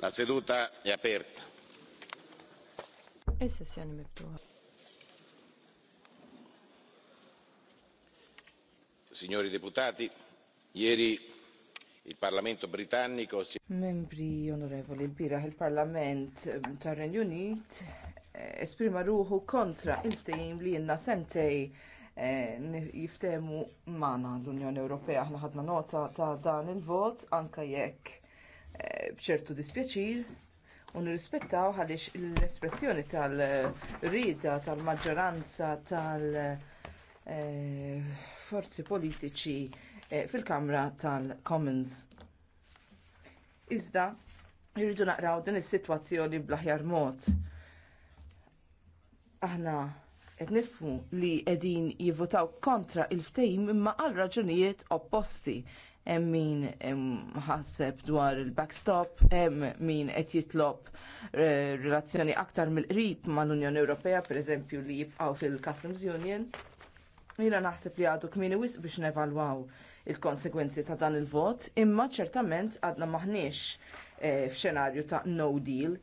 La seduta è aperta. E Signori deputati, ieri il Parlamento britannico si... Membri onorevoli, il-biraħ il-Parlament tar-Renju Unit eh, esprima ruħu kontra il-ftehim li jenna sentej eh, jiftemu mana l-Unjoni Ewropea. Aħna ħadna nota ta' dan il-vot anka jekk bċertu dispjaċir u nirrispettaw għaliex l-espressjoni tal-rida tal-maġġoranza tal-forzi eh, politiċi eh, fil-Kamra tal-Commons. Iżda, irridu naqraw din is-sitwazzjoni bl-aħjar mod. Aħna qed nifhmu li qegħdin jivvotaw kontra il-ftehim imma għal raġunijiet opposti hemm min ħaseb dwar il-backstop, hemm min qed jitlob eh, relazzjoni aktar mill-qrib mal-Unjoni Ewropea, pereżempju li jibqgħu fil-Customs Union. Jiena naħseb li għadu kmieni wisq biex nevalwaw il-konsekwenzi ta' dan il-vot, imma ċertament għadna maħniex eh, f'xenarju ta' no deal.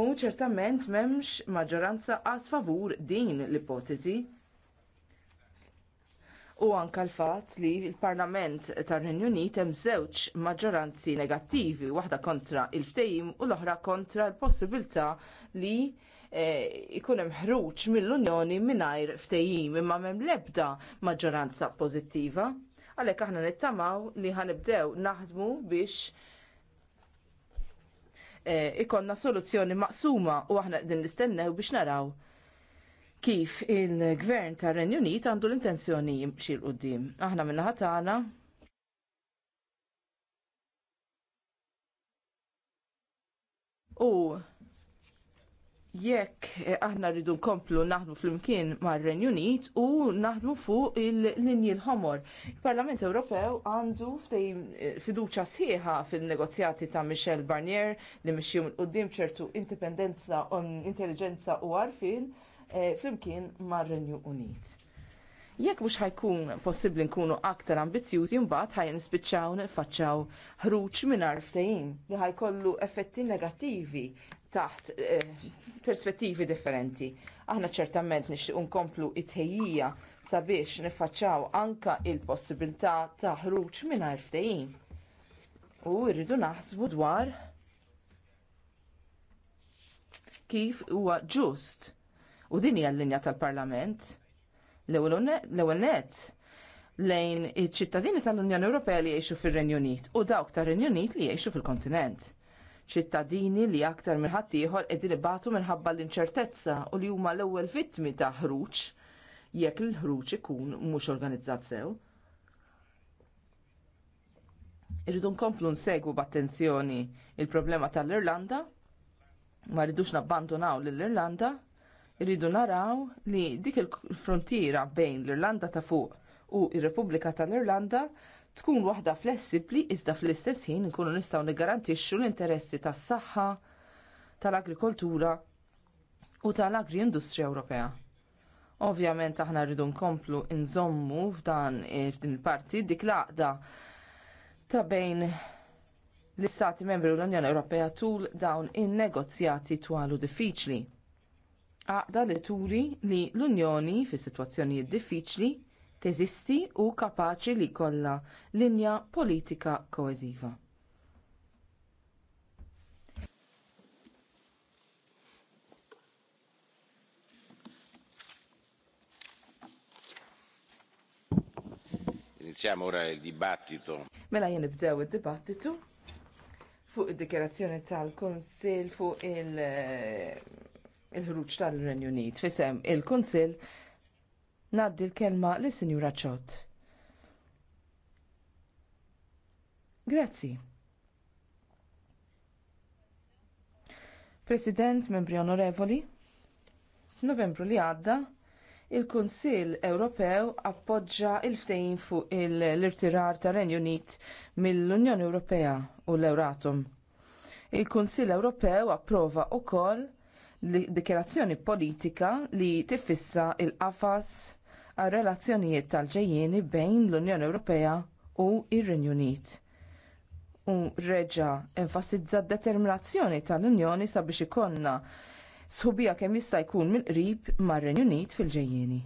U ċertament m'hemmx maġġoranza għas favur din l-ipotezi u anke l-fatt li l-Parlament tar-Renju Unit hemm żewġ maġġoranzi negattivi, waħda kontra l ftehim u l-oħra kontra l-possibilità li eh, ikun hemm ħruġ mill-Unjoni mingħajr ftehim imma m'hemm l-ebda maġġoranza pożittiva. Għalhekk aħna nittamaw li ħanibdew naħdmu biex eh, ikonna soluzzjoni maqsuma u aħna qegħdin nistennew biex naraw kif il-gvern tar renju Unit għandu l-intenzjoni jimxi l-qoddim. Aħna minna ħatana u jekk aħna rridu nkomplu naħdmu fl-imkien mar renju Unit u naħdmu fuq il-linji l-ħomor. Il-Parlament Ewropew għandu eh, fiduċa sħiħa fil-negozjati ta' Michel Barnier li mxjum l-qoddim ċertu indipendenza, um, intelligenza u għarfin Eh, flimkien mar-Renju Unit. Jekk mhux ħajkun possibbli nkunu aktar ambizzjużi mbagħad ħajja nispiċċaw nifaċċaw ħruġ mingħajr ftehim li ħajkollu effetti negattivi taħt eh, perspettivi differenti. Aħna ċertament nixtiequ nkomplu it-tejjija sabiex nifaċċaw anka il-possibilità ta' ħruġ mingħajr ftehim. U rridu naħsbu dwar kif huwa ġust U din hija l-linja tal-Parlament. L-ewwel net lejn iċ-ċittadini tal-Unjoni Ewropea li jgħixu fir-Renju Unit u dawk tar-Renju Unit li jgħixu fil-kontinent. ċittadini li aktar minn ħadd ieħor qegħdin ibatu minħabba l-inċertezza u li huma l-ewwel vittmi ta' ħruġ jekk il-ħruġ ikun mhux organizzat sew. Irridu nkomplu nsegwu b'attenzjoni il-problema tal-Irlanda, ma rridux nabbandonaw lill-Irlanda, Irridu naraw li dik il-frontiera bejn l-Irlanda ta' fuq u r repubblika tal-Irlanda tkun waħda flessibbli iżda fl-istess ħin nkunu nistgħu niggarantixxu l-interessi tas-saħħa, tal-agrikoltura u tal-agri industrija Ewropea. Ovvjament aħna rridu nkomplu nżommu f'dan il-parti dik l-għaqda ta' bejn l-Istati Membri u l-Unjoni Ewropea tul dawn in-negozjati twalu diffiċli għaqda li turi li l-Unjoni fi situazzjonijiet diffiċli teżisti u kapaċi li jkollha linja politika koeżiva. Iniziamo ora il dibattito. Mela jien nibdew id-dibattitu fuq id-dikjerazzjoni tal-Konsil fuq il- il-ħruġ tal-Renju Unit fisem il-Kunsill ngħaddi l-kelma lis sinjura ċot. Grazzi. President, membri onorevoli, f'Novembru li għadda, il-Kunsill Ewropew appoġġa il ftejn fuq l-irtirar tar Renju Unit mill-Unjoni Ewropea u l-Euratom. Il-Kunsill Ewropew approva wkoll dikjerazzjoni politika li tifissa il-qafas għal relazzjonijiet tal-ġejjieni bejn l-Unjoni Ewropea u r-Renju Unit. U reġa enfasizza d determinazzjoni tal-Unjoni sabiex ikollna sħubija kemm jista' jkun mill-qrib mar-Renju Unit fil-ġejjieni.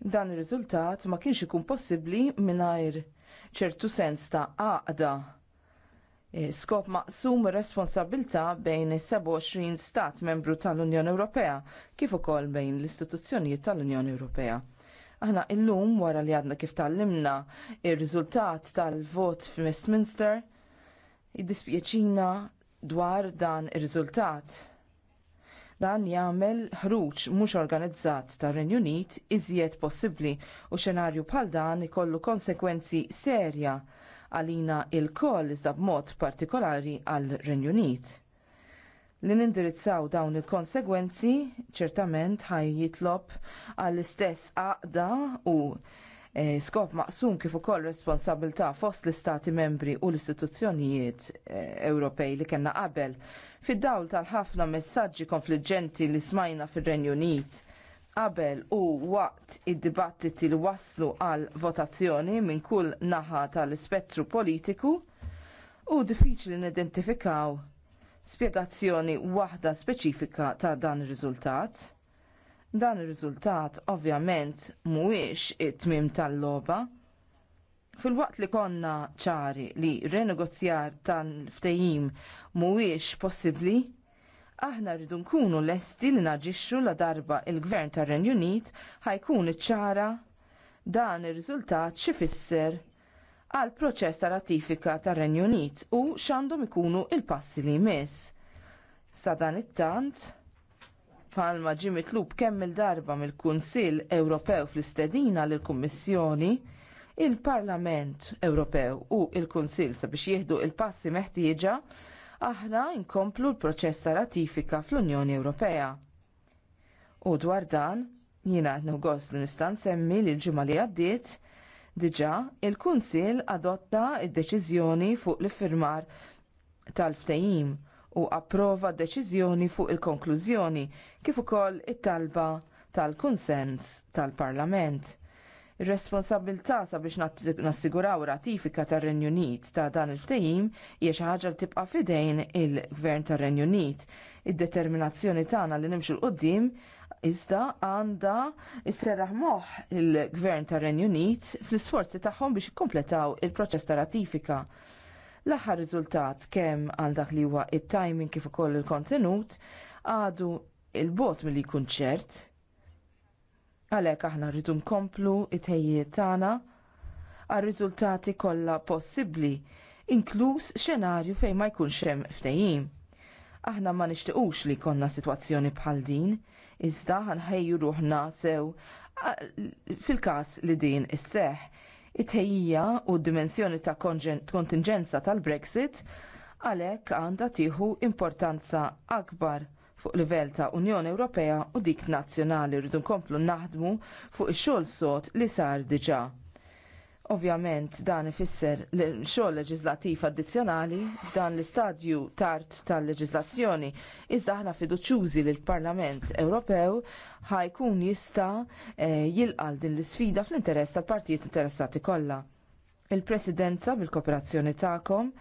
Dan ir-riżultat ma kienx ikun possibbli mingħajr ċertu sens ta' għaqda Eh, skop maqsum responsabilta bejn is-27 stat membru tal-Unjoni Ewropea kif ukoll bejn l-istituzzjonijiet tal-Unjoni Ewropea. Aħna illum wara li għadna kif tal-limna ir-riżultat tal-vot fi Westminster iddispjaċina dwar dan ir-riżultat dan jagħmel ħruġ mhux organizzat tar-Renju Unit iżjed possibbli u xenarju bħal dan ikollu konsegwenzi serja għalina il-koll iżda b'mod partikolari għal renju Unit. Li nindirizzaw dawn il-konsegwenzi ċertament ħaj jitlob għall-istess għaqda u e, skop maqsum kif ukoll responsabilità fost l-istati membri u l-istituzzjonijiet e, Ewropej li kellna qabel fid-dawl tal-ħafna messaġġi konfliġġenti li smajna fir-Renju Unit qabel u waqt id-dibattiti li waslu għal votazzjoni minn kull naħa tal-ispettru politiku u diffiċli nidentifikaw spjegazzjoni waħda speċifika ta' dan ir-riżultat. Dan ir-riżultat ovvjament mhuwiex it-tmim tal-logħba. Fil-waqt li konna ċari li renegozjar tal-ftehim mhuwiex possibbli, Aħna rridu nkunu lesti li naġixxu la darba il-Gvern tar renju Unit ħajkun iċċara dan ir-riżultat xi fisser għal proċess ta' ratifika tar renju Unit u x'għandhom ikunu il-passi li jmiss. Sa dan it-tant, palma ġie mitlub kemm il-darba mill-Kunsill Ewropew fl-istedina lill kummissjoni il-Parlament Ewropew u l kunsill sabiex jieħdu l passi meħtieġa aħna nkomplu l-proċess ta' ratifika fl-Unjoni Ewropea. U dwar dan, jiena qed gost li nista' nsemmi li l-ġimgħa li għaddiet diġa' il-Kunsill adotta d deċiżjoni fuq l-iffirmar tal-ftehim u approva d deċiżjoni fuq il-konklużjoni kif ukoll it-talba tal-kunsens tal-Parlament. Responsabilta sabiex nassiguraw ratifika tar renju Unit ta' dan il-ftehim hija xi ħaġa li tibqa' fidejn il-Gvern tar renju Unit. Id-determinazzjoni tagħna li nimxu l-qudiem iżda għandha isserraħ moħħ il-Gvern tar renju Unit fl-isforzi tagħhom biex ikkompletaw il-proċess ta' ratifika. L-aħħar riżultat kemm għal dak li huwa it-timing kif ukoll il-kontenut għadu il-bot milli jkun ċert Għalhekk aħna rridu nkomplu it-tejjiet tagħna għar-riżultati kollha possibbli, inkluż xenarju fejn ma jkunx hemm ftehim. Aħna ma nixtiequx li jkollna sitwazzjoni bħal din, iżda ħanħejju ruħna sew fil-każ li din isseħħ. It-tejjija u d-dimensjoni ta' kontingenza tal-Brexit għalhekk għandha tieħu importanza akbar fuq livell ta' Unjoni Ewropea u dik nazzjonali rridu nkomplu naħdmu fuq ix-xogħol sod li sar diġà. Ovvjament dan ifisser xogħol leġislattiv addizzjonali f'dan l-istadju tard tal-leġislazzjoni iżda aħna fiduċjużi li l-Parlament Ewropew ħajkun jista' eh, jilqal din l-isfida fl-interess tal-partijiet interessati kollha. Il-Presidenza bil-kooperazzjoni tagħkom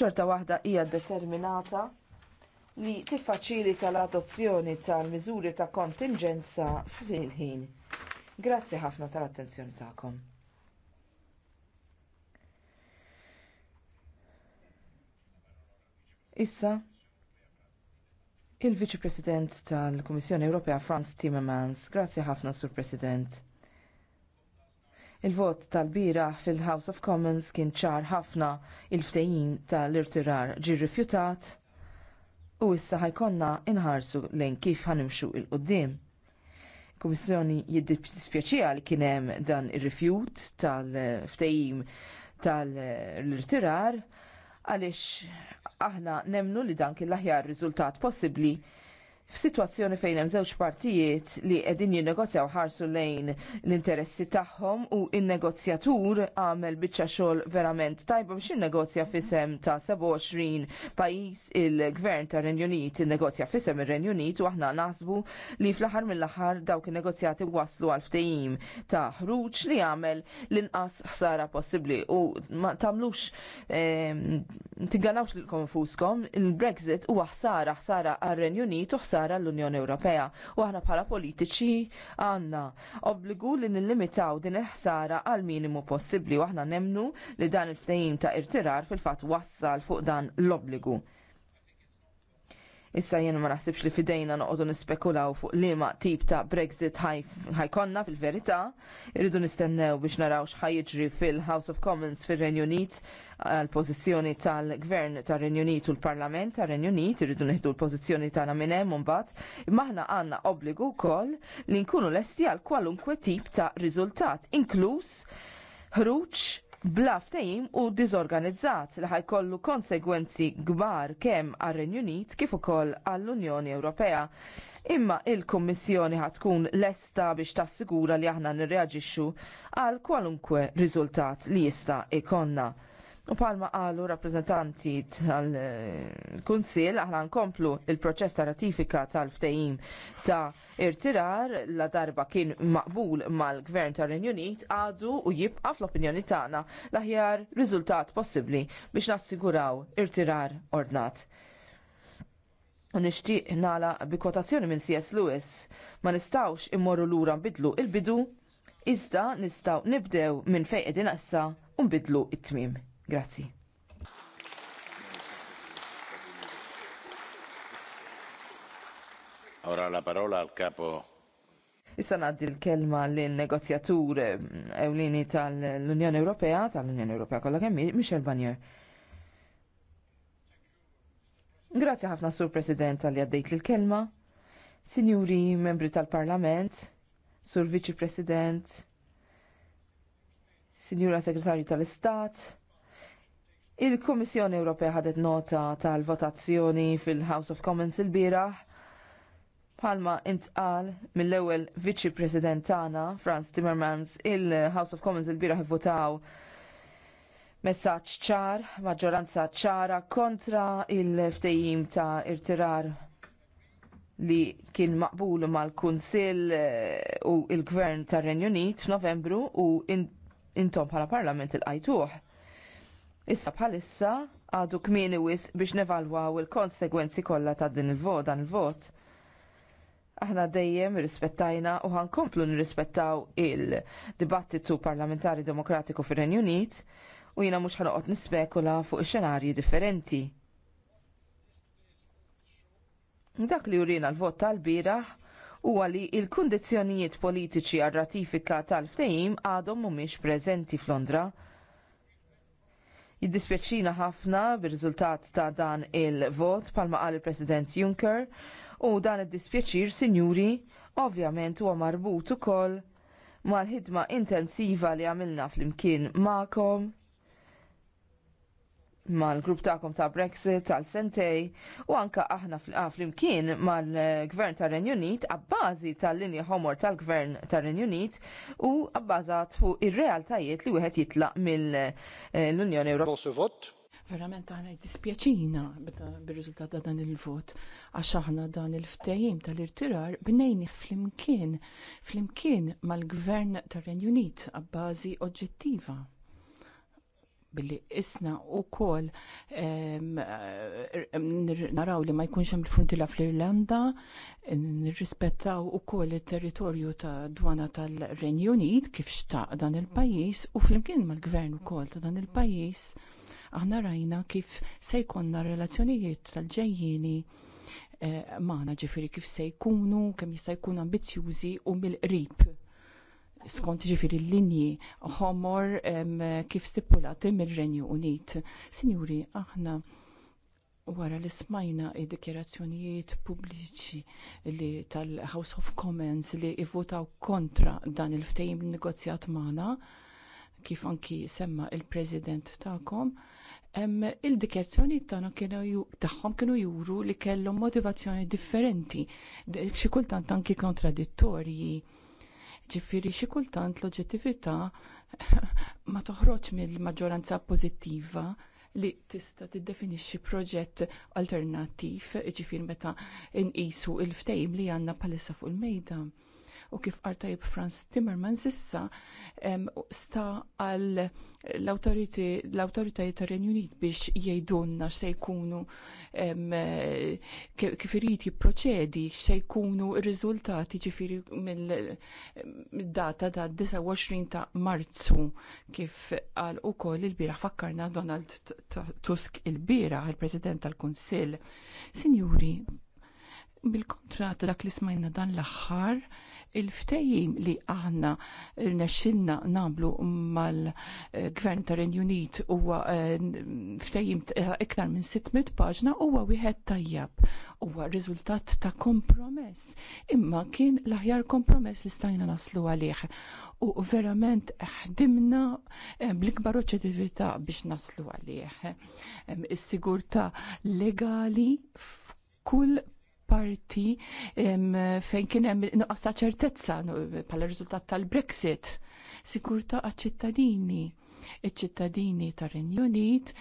xorta waħda hija determinata li tiffaċilita l-adozzjoni tal-miżuri ta' kontingenza fil-ħin. Grazzi ħafna tal-attenzjoni tagħkom. Issa, il-Viċi President tal-Kummissjoni Ewropea Franz Timmermans, grazzi ħafna sur President. Il-vot tal-bira fil-House of Commons kien ċar ħafna il-ftejjin tal-irtirar ġi rifjutat u issa ħajkonna inħarsu lejn kif ħanimxu il-qoddim. Kummissjoni jiddispjaċija li kien hemm dan ir-rifjut tal-ftehim tal-irtirar għaliex aħna nemnu li dan kien l-aħjar riżultat possibbli F'sitwazzjoni fejn hemm żewġ partijiet li qegħdin jinnegozjaw ħarsu lejn l-interessi tagħhom u n-negozjatur għamel biċċa xogħol verament tajba biex innegozja f'isem ta' 27 pajjiż il-Gvern ta' Renju Unit innegozja f'isem ir-Renju Unit u aħna naħsbu li fl-aħħar mill-aħħar dawk in-negozjati waslu għal ftehim ta' ħruġ li għamel l-inqas ħsara possibbli u ma tagħmlux tinganawx lilkom infuskom il-Brexit huwa ħsara ħsara għar-Renju Unit u ħsara ċara l-Unjoni Ewropea. U aħna bħala politiċi għandna obbligu li nillimitaw din il-ħsara għal minimu possibbli u aħna nemnu li dan il-ftehim ta' irtirar fil-fatt wassal fuq dan l-obbligu. Issa jien ma naħsibx li fidejna noqogħdu nispekulaw fuq liema tip ta' Brexit ħajkonna fil-verità, irridu nistennew biex naraw x'ħajġri fil-House of Commons fir-Renju Unit għal pożizzjoni tal-Gvern tar-Renju Unit u l-Parlament tar-Renju Unit neħdu l-pożizzjoni tagħna aminem hemm imbagħad imma aħna għandna obbligu wkoll li nkunu lesti għal kwalunkwe tip ta' riżultat inkluż ħruġ bla ftehim u diżorganizzat li ħajkollu konsegwenzi kbar kemm għar-Renju Unit kif ukoll għall-Unjoni Ewropea. Imma il-Kummissjoni ħatkun lesta biex tassigura li aħna nirreaġixxu għal kwalunkwe riżultat li jista' ikonna. U palma għalu rappresentanti tal-Kunsil, aħna nkomplu il-proċess ta' ratifika tal-ftejim ta' irtirar la darba kien maqbul mal-Gvern ta' Renjunit għadu u jibqa fl-opinjoni tagħna l-aħjar riżultat possibbli biex nassiguraw irtirar ordnat. Nixtieq nala bi kwotazzjoni minn C.S. Lewis ma nistawx immorru lura nbidlu il-bidu, iżda nistaw nibdew minn fejn qegħdin issa u nbidlu it-tmim. Grazzi. Ora la parola al capo. Issa naddi l-kelma l-negozjatur mm, ewlini tal-Unjoni Ewropea, tal-Unjoni Ewropea kollha kemm Michel Banier. Grazzi ħafna Sur President għalli għaddejt l-kelma. Sinjuri membri tal-Parlament, Sur Viċi President, Sinjura Segretarju tal-Istat, Il-Kummissjoni Ewropea ħadet nota tal-votazzjoni fil-House of Commons il biraħ Palma intqal mill-ewwel viċi president tagħna Franz Timmermans il-House of Commons il biraħ votaw messaġġ ċar, maġġoranza ċara kontra il-ftejjim ta' irtirar li kien maqbul mal-Kunsill eh, u l gvern tar renju Unit f'Novembru u intom bħala Parlament il-qajtuh Issa bħalissa għadu kmieni wis biex nevalwaw il-konsegwenzi kollha ta' din il-vot dan il-vot. Aħna dejjem rispettajna u ħankomplu nirrispettaw il-dibattitu parlamentari demokratiku fir-Renju Unit u jina mux ħanoqot nispekula fuq xenarji differenti. Dak li urina l-vot tal bira huwa li il-kondizjonijiet politiċi għal ratifika tal-ftehim għadhom mhumiex preżenti f'Londra. Jiddispjaċina ħafna bir-riżultat ta' dan il-vot palma qal il-President Juncker u dan id-dispjaċir, sinjuri, ovvjament huwa marbut ukoll mal-ħidma intensiva li għamilna fl-imkien ma'kom mal-grupp ta'kom ta' Brexit, tal-sentej, u anka aħna ah, fl-imkien mal-gvern ta' Renjunit, għabbażi tal-linja homor tal-gvern ta' Renjunit, u għabbażat fuq ir-realtajiet li wieħed jitlaq mill-Unjoni Ewropea. Verament għana jtispjaċina bil-rizultat ta' dan il-vot, għax aħna dan il ftajim tal-irtirar bnejni fl-imkien, fl-imkien mal-gvern ta' Renjunit, għabbażi oġġettiva billi isna u kol naraw li ma jkunx hemm il-frontiera fl-Irlanda, nirrispettaw u kol il-territorju ta' dwana tal-Renju Unit kif xtaq dan il-pajis u fl-imkien mal-gvern u kol ta' dan il-pajis aħna rajna kif se jkonna relazzjonijiet tal-ġejjini eh, maħna ġifiri kif se jkunu, kemm jista' jkun ambizjużi u mill-qrib skont ġifiri l-linji homor kif stipulati mill-Renju Unit. Sinjuri, aħna wara li smajna id-dikjerazzjonijiet pubbliċi li tal-House of Commons li ivvotaw kontra dan il-ftejim negozjat magħna, kif anki semma il-President tagħkom, il-dikjerazzjoni tagħhom kienu juru li kellhom motivazzjoni differenti, xi kultant anki kontradittorji Ġifiri xi kultant l-oġġettività ma toħroġ mill-maġġoranza pożittiva li tista' tiddefinixxi proġett alternattiv, ġifir meta nqisu il-ftejm li għandna bħalissa fuq il-mejda u kif artajib Franz Timmermans issa sta għal l-autoritajiet tar renju Unit biex jgħidunna se jkunu kif irid jipproċedi se jkunu r-riżultati ġifieri mill-data ta' 29 ta' Marzu kif qal ukoll il-bieraħ fakkarna Donald Tusk il il-President tal-Kunsill. Sinjuri, bil kuntratt dak li smajna dan l-aħħar il-ftejim li aħna nexxilna namlu mal-Gvern ta' Unit huwa eh, ftejim eh, iktar minn 600 paġna huwa wieħed tajjab. Huwa riżultat ta' kompromess. Imma kien l-aħjar kompromess li stajna naslu għalih. U verament ħdimna eh, bl-ikbar oċċettività biex naslu għalih. Is-sigurtà legali f'kull parti fejn kien hemm nuqqas ta' ċertezza bħala riżultat tal-Brexit. Sikurta għaċ-ċittadini. Iċ-ċittadini tar-Renju Unit,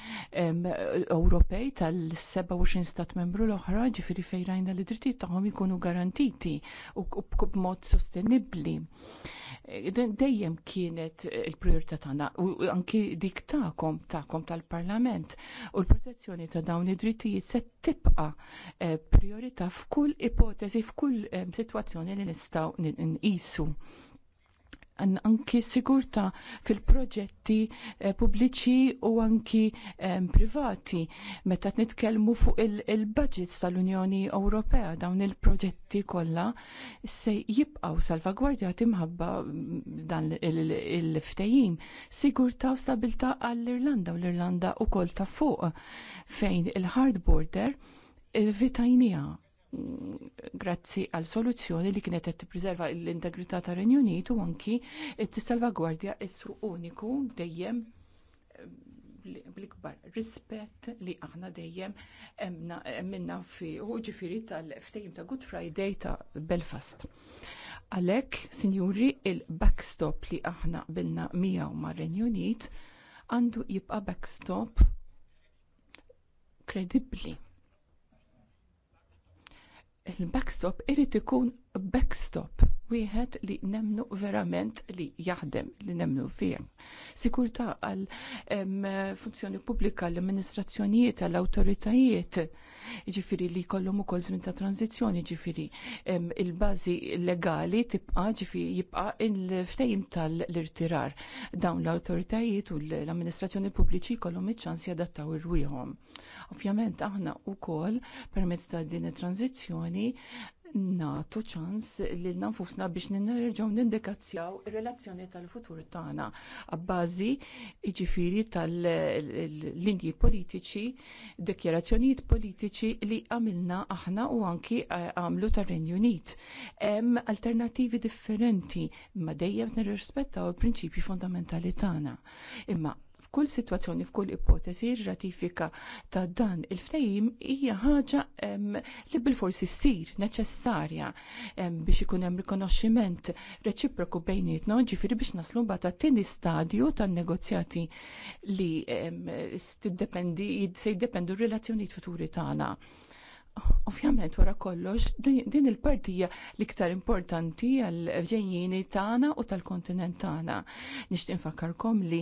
Ewropej tal-27 stat membru l-oħra ġifieri fejn rajna li drittijiet tagħhom ikunu garantiti u b'mod sostenibbli. Eh, dejjem kienet eh, il-priorità tagħna u anki dik tagħkom tagħkom tal-Parlament u l-protezzjoni ta' dawn id-drittijiet se tibqa' eh, priorità f'kull ipotezi f'kull sitwazzjoni li nistgħu nqisu anki sigurta fil-proġetti eh, pubbliċi u anki eh, privati. Meta nitkellmu fuq il-budgets il tal-Unjoni Ewropea dawn il-proġetti kollha se jibqgħu salvagwardjati imħabba mm, dan il-ftehim. Sigurta u stabilta għall-Irlanda u l-Irlanda wkoll ta' fuq fejn il-hard border il-vitajnija eh, grazzi għal soluzzjoni li kienet qed tippreserva l-integrità tar-Renju Unit u anki tissalvagwardja s-suq uniku dejjem eh, bl-ikbar rispett li aħna dejjem minna fi u ġifiri tal-ftejim ta' Good Friday ta' Belfast. Għalek, sinjuri, il-backstop li aħna bilna miegħu ma' Renju Unit għandu jibqa' backstop kredibbli il-backstop irid ikun backstop wieħed li nemnu verament li jaħdem li nemnu fih. Sikurtà għal funzjoni pubblika l-amministrazzjonijiet għall awtoritajiet ġifiri li jkollhom ukoll żmien ta' tranzizjoni ġifiri il-bażi legali tibqa' ġifiri jibqa' il-ftejim tal-irtirar dawn l-awtoritajiet u l-amministrazzjoni pubbliċi jkollhom iċ-ċans jadattaw irwieħhom. Ovvjament aħna wkoll permezz ta' din it-tranzizzjoni natu ċans li nanfusna biex nirġaw nindikazzjaw il-relazzjoni tal-futur tagħna għabbażi jiġifieri tal-linji politiċi, dekjerazzjonijiet politiċi li għamilna aħna u anki eh, għamlu tar-Renju Unit. Hemm alternativi differenti imma dejjem nirrispettaw il-prinċipji fondamentali tagħna. Imma F'kull sitwazzjoni, f'kull ipotezi, ratifika ta' dan il-ftehim hija ħaġa li bil-forsi ssir neċessarja biex ikun hemm rikonoxximent reċiproku bejnietna, ġifieri biex naslu mbagħad tat-tieni stadju tan-negozjati li se jiddependu r-relazzjonijiet futuri tagħna. Ovvjament wara kollox din il-partija l-iktar importanti għal-ġejjini tagħna u tal-kontinent tagħna. Nixtieq infakkarkom li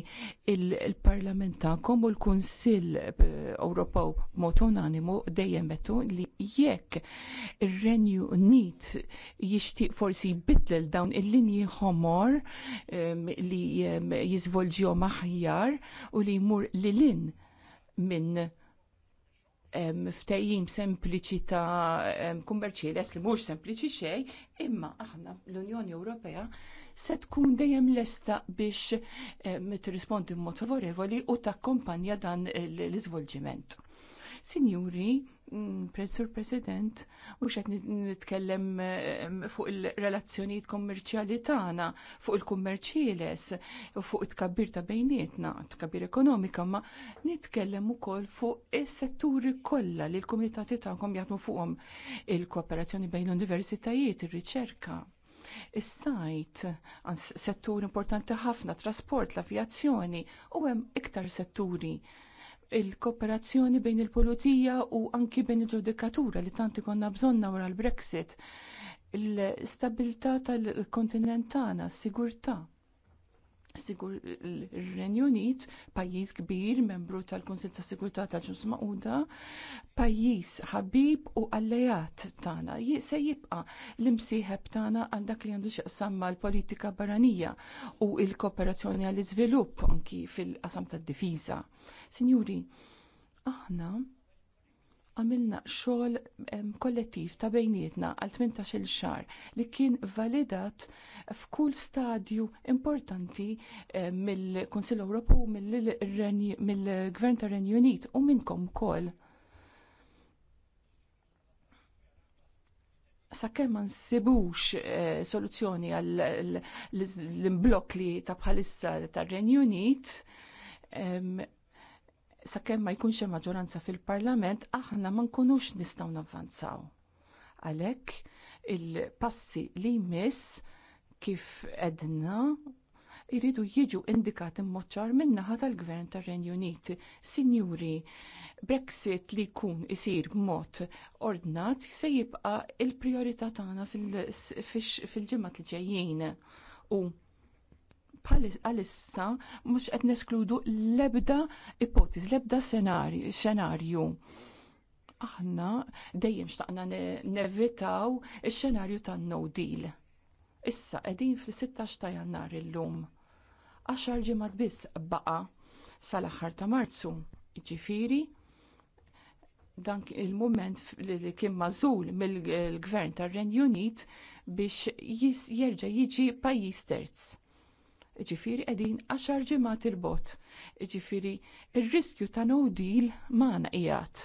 il-Parlament tagħkom u l-Kunsill eh, Ewropew mod unanimu dejjem metu li jekk ir-Renju Unit jixtieq forsi jbiddel dawn il-linji ħomor li jiżvolġihom aħjar u li jmur lilin minn ftejjim sempliċi ta' kummerċieles li mhux sempliċi xejn, imma aħna l-Unjoni Ewropea se tkun dejjem lesta biex tirrispondi mod favorevoli u kompanja dan l-iżvolġiment. Signuri, Mm, Sur President, mhux qed nitkellem ehm, fuq il-relazzjonijiet kommerċjali tagħna, fuq il-kummerċieles, fuq it-kabbir ta' bejnietna, tkabbir ekonomika, ma nitkellem ukoll fuq is-setturi kollha li l-kumitati tagħkom jaħdmu fuqhom il-kooperazzjoni bejn l-universitajiet, ir-riċerka. Is-sajt, settur importanti ħafna, trasport, l-avjazzjoni, u hemm iktar setturi il-kooperazzjoni bejn il-pulizija u anki bejn il-ġudikatura li tanti konna bżonna wara l-Brexit, l-stabilità tal-kontinent tagħna, s-sigurtà. Sigur il-Renju Unit, pajjiż kbir, membru tal-Kunsil ta' Sigurtà ta' Ġus Maquda, pajjiż ħabib u allejat tagħna. Se jibqa' l-imsieħeb tagħna għal dak li għandu x'aqsam mal-politika barranija u l-kooperazzjoni għall-iżvilupp anki fil-qasam tad-difiża. Sinjuri, aħna għamilna xogħol kollettiv ta' bejnietna għal 18 il xar li kien validat f'kull stadju importanti mill-Kunsill Ewropew mill-Gvern tar Renju Unit u minnkom ukoll. Sakemm ma nsibux soluzzjoni għall imblokk li ta' bħalissa tar Renju Unit, sakemm ma jkunx hemm maġġoranza fil-Parlament aħna ma nkunux nistgħu navvanzaw. Għalhekk il-passi li jmiss kif edna jridu jiġu indikati moċċar min-naħa tal-Gvern tar-Renju Unit. Sinjuri, Brexit li jkun isir b'mod ordnat se jibqa' il-prijorità tagħna fil-ġimgħat li ġejjin. U għalissa mhux qed neskludu l-ebda ipotiż, l-ebda xenarju. Aħna dejjem xtaqna nevitaw ix-xenarju tan-no deal. Issa edin fl-16 ta' Jannar illum. Għaxar ġimad biss baqa sal-aħħar ta' Marzu. Ġifiri, dan il-moment li kien mażul mill-gvern tar renju Unit biex jerġa' jiġi pajjiż terz Ġifiri edin 10 ġimat il-bot. Ġifiri il-riskju ta' no deal maħna ijat.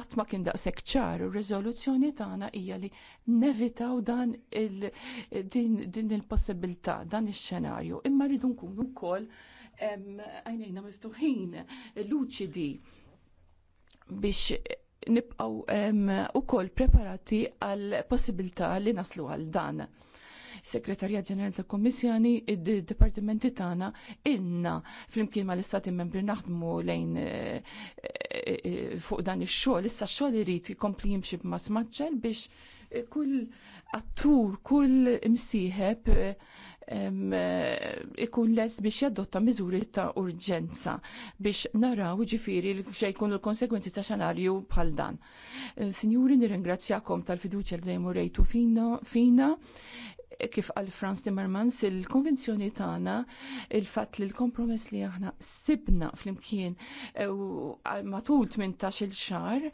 Għat ma kien daqsek ċar, r rezoluzzjoni tagħna hija li nevitaw dan il, din, din il-possibilità, dan il-xenarju. Imma rridu nkunu wkoll għajnejna miftuħin, luċidi biex nibqaw wkoll u preparati għal possibilità li naslu għal dan segretarja ġenerali tal kommissjoni id-dipartimenti tagħna ilna flimkien mal-istati membri naħdmu lejn eh, eh, eh, fuq dan ix-xogħol, issa x-xogħol irid jkompli jimxi b'ma smaġġel biex kull attur, kull imsieħeb ikun les biex jadotta miżuri ta' urġenza biex naraw ġifiri xe jkun l-konsekwenzi ta' xanarju bħal dan. Sinjuri, nirringrazzjakom tal-fiduċa li dejmu rejtu fina, fina kif għal Franz Timmermans il-konvenzjoni tagħna il-fatt li l-kompromess li aħna sibna flimkien imkien matul 18 il xar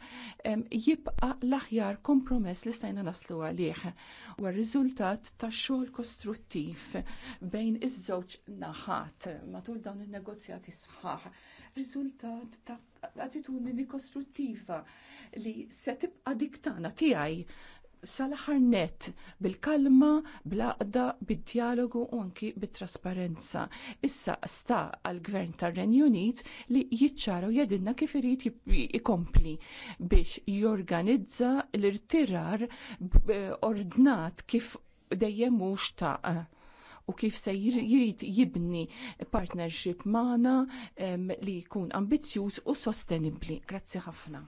jibqa l-aħjar kompromess li stajna naslu għalih u r-riżultat ta' xogħol kostruttiv bejn iż-żewġ naħat matul dawn in-negozjati sħaħ. Riżultat ta' attitudini kostruttiva li se tibqa' diktana tiegħi sal ħarnet bil-kalma, bl-aqda, bid-dialogu u anki bit-trasparenza. Issa sta għal-gvern tar renju Unit li u jedinna kif irid ikompli biex jorganizza l-irtirar ordnat kif dejjem mhux ta' u kif se jrid jibni partnership magħna li jkun ambizzjuż u sostenibbli. Grazzi ħafna.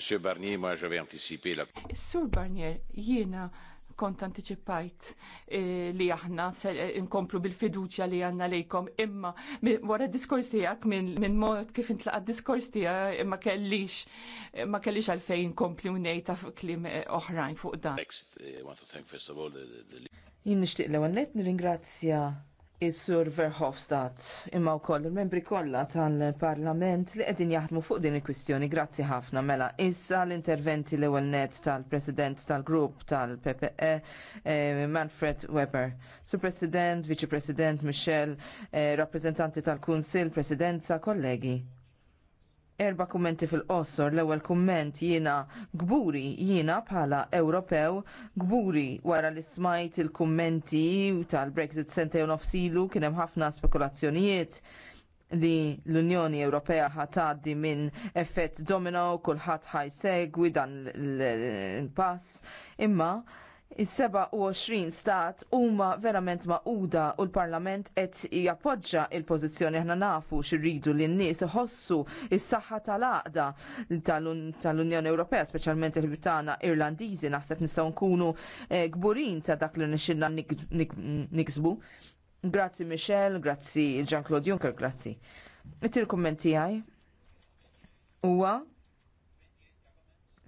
Monsieur Barnier, moi j'avais anticipé la... Sur Barnier, jiena kont anticipajt eh, li aħna eh, nkomplu bil-fiduċja li għanna lejkom imma wara diskors tijak minn mod kif intlaqa diskors tijak ma kellix ma kellix għalfej nkompli unnejt ta' klim eh, oħrajn fuq dan. Jinn nishtiq l-għannet nir-ingrazzja Is-Sur Verhofstadt imma wkoll il-membri kollha tal-Parlament li qegħdin jaħdmu fuq din il-kwistjoni grazzi ħafna mela issa l-interventi l-ewwel net tal-President tal-Grupp tal-PPE eh, Manfred Weber. Sur President, Viċi President Michel, eh, rappreżentanti tal-Kunsill, Presidenza, kollegi. Erba kummenti fil-qossor, l-ewwel kumment jiena gburi jiena bħala Ewropew, gburi wara li smajt il-kummenti tal-Brexit u nofsilu kien hemm ħafna spekulazzjonijiet li l-Unjoni Ewropea ħataddi minn effett domino, kulħadd segwi dan il-pass, imma Is-27 stat huma verament maquda u l-Parlament qed jappoġġa il-pożizzjoni aħna nafu x'irridu li n-nies iħossu is-saħħa tal-għaqda tal-Unjoni Ewropea, speċjalment il-Britana Irlandiżi naħseb nistgħu nkunu kburin eh, ta' dak li nixilna niksbu. Grazzi Michel, grazzi Jean-Claude Juncker, grazzi. il kummenti għaj. Uwa,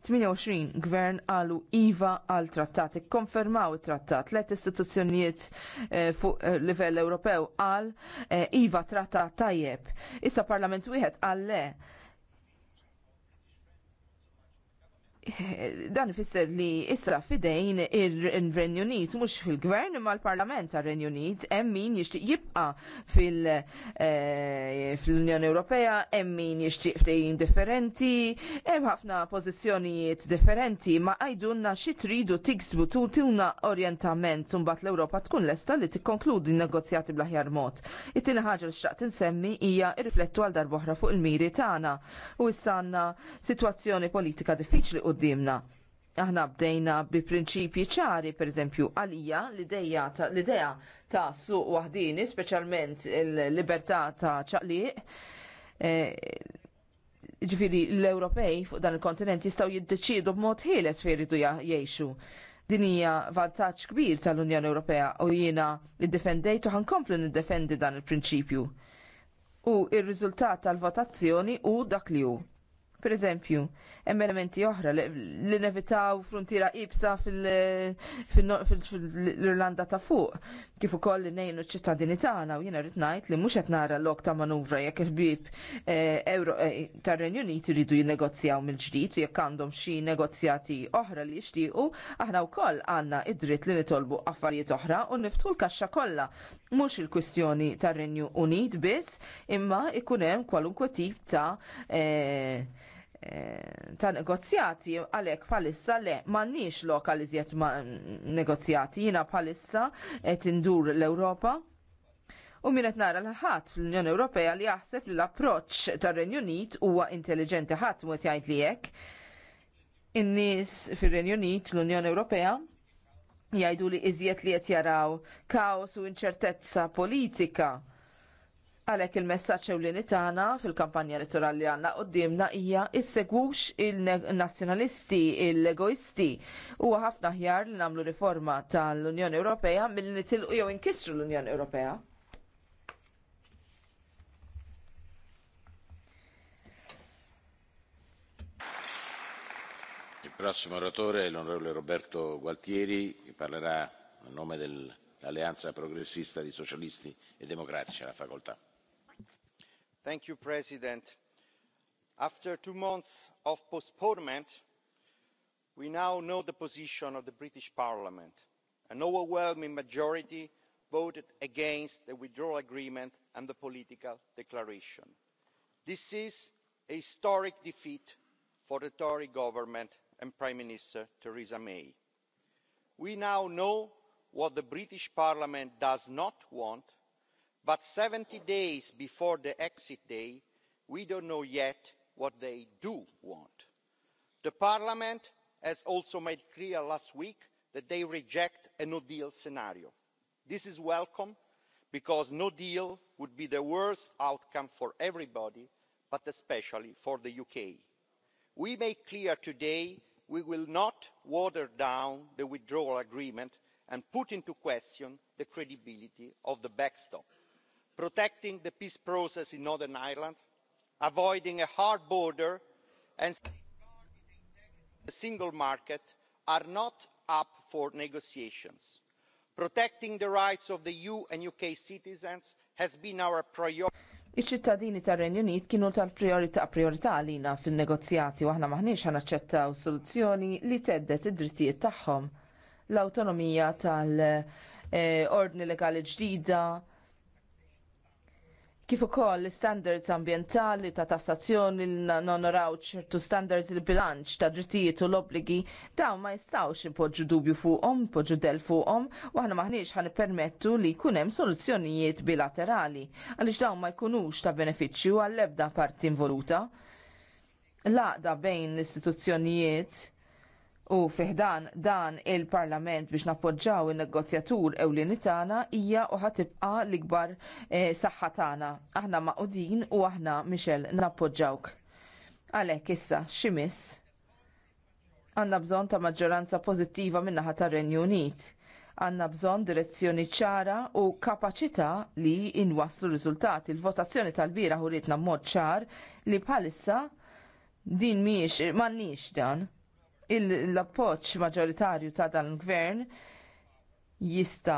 28 gvern għalu IVA għal trattat, ikkonfermaw it-trattat, let istituzzjonijiet eh, fuq eh, livell Ewropew għal eh, IVA trattat tajjeb. Issa parlament wieħed għal le dan ifisser li issa fidejn ir-Renju Unit mhux fil-gvern ma l-Parlament tar renju Unit hemm min jixtieq jibqa' eh, fil-Unjoni Ewropea, hemm min jixtieq differenti, hemm ħafna pożizzjonijiet differenti ma għajdunna xi tridu tiksbu tu tuna orjentament mbagħad l-Ewropa tkun lesta li tikkonkludi n-negozjati blaħjar aħjar mod. It-tieni ħaġa li xtaqt insemmi hija riflettu għal darbohra fuq il-miri tagħna u issa għandna sitwazzjoni politika diffiċli qoddimna. Aħna bdejna bi prinċipji ċari, per eżempju, għalija l-ideja ta' idea ta' suq wahdini, speċjalment il-libertà ta' ċaqliq, e, ġifiri l-Ewropej fuq dan il-kontinent jistaw jiddeċidu b'mod ħieles feridu jgħixu. Din hija vantaġġ kbir tal-Unjoni Ewropea u jiena iddefendejtu ħankomplu niddefendi dan il-prinċipju. U ir-riżultat tal-votazzjoni u dak li hu. Per eżempju, hemm elementi oħra li nevitaw frontiera ibsa fil-Irlanda ta' fuq kif ukoll li nejnu ċ-ċittadini tagħna u jiena rrid ngħid li mhux qed nara lok ta' manuvra jekk il-bib ta' eh, eh, tar-Renju Uniti iridu jinnegozjaw mill-ġdid jekk għandhom xi negozjati oħra li jixtiequ aħna wkoll għandna id-dritt li nitolbu affarijiet oħra u niftħu l-kaxxa kollha mhux il-kwistjoni tar-Renju Unit biss imma ikun hemm kwalunkwe tip ta' eh, Eh, ta' negozjati għalhekk bħalissa le m'għandniex lokal iżjed negozjati jiena bħalissa qed indur l-Ewropa. U min qed nara l-ħadd fl-Unjoni Ewropea li jaħseb li l-approċċ tar-Renju Unit huwa intelligenti ħadd mod jgħid li hekk. In-nies fir-Renju Unit l-Unjoni Ewropea jgħidu li iżjed li qed jaraw kaos u inċertezza politika Għalhekk il-messaġġ ewlieni tagħna fil-kampanja elettorali għandna qudiemna hija issegwux il-nazzjonalisti, il-egoisti. Huwa ħafna ħjar li nagħmlu riforma tal-Unjoni Ewropea milli nitilqu jew inkisru l-Unjoni Ewropea. Il prossimo oratore è l'onorevole Roberto Gualtieri che parlerà a nome dell'Alleanza Progressista di Socialisti e Democratici alla facoltà mr president after two months of postponement we now know the position of the british parliament an overwhelming majority voted against the withdrawal agreement and the political declaration. this is a historic defeat for the tory government and prime minister theresa may. we now know what the british parliament does not want but seventy days before the exit day we don't know yet what they do want. parliament has also made clear last week that they reject a no deal scenario. this is welcome because no deal would be the worst outcome for everybody but especially for the uk. we make clear today we will not water down the withdrawal agreement and put into question the credibility of the backstop protecting the peace process in northern ireland avoiding a hard border and safeguarding the single market are not up for negotiations. protecting the rights of the eu and uk citizens has been our priority. Iċ-ċittadini tar-Renju Unit kienu tal-priorità priorità għalina fin-negozjati u aħna maħniex ħanaċċettaw soluzzjoni li teddet id-drittijiet tagħhom. L-awtonomija tal-ordni eh, legali ġdida, Kif ukoll l standards ambjentali ta' tassazzjoni li nonoraw ċertu standards il bilanċ ta' drittijiet u l-obbligi dawn ma jistgħux impoġġu dubju fuqhom, poġġu del fuqhom u aħna maħniex ħan permettu li jkun hemm soluzzjonijiet bilaterali għaliex dawn ma jkunux ta' benefiċċju għall-ebda parti involuta. Laqda bejn l-istituzzjonijiet U fiħdan dan il-Parlament biex nappoġġaw il-negozjatur ewlieni tagħna hija u ħatibqa l-ikbar eh, saħħa tagħna. Aħna maqudin u aħna Michel nappoġġawk. Għalhekk issa ximis għanna bżonn ta' maġġoranza pożittiva min-naħa tar-Renju Unit. Għandna bżonn direzzjoni ċara u kapaċità li inwaslu riżultati. Il-votazzjoni tal-bira u mod ċar li bħalissa din miex, mannix dan l-appoċ maġoritarju ta' dan gvern jista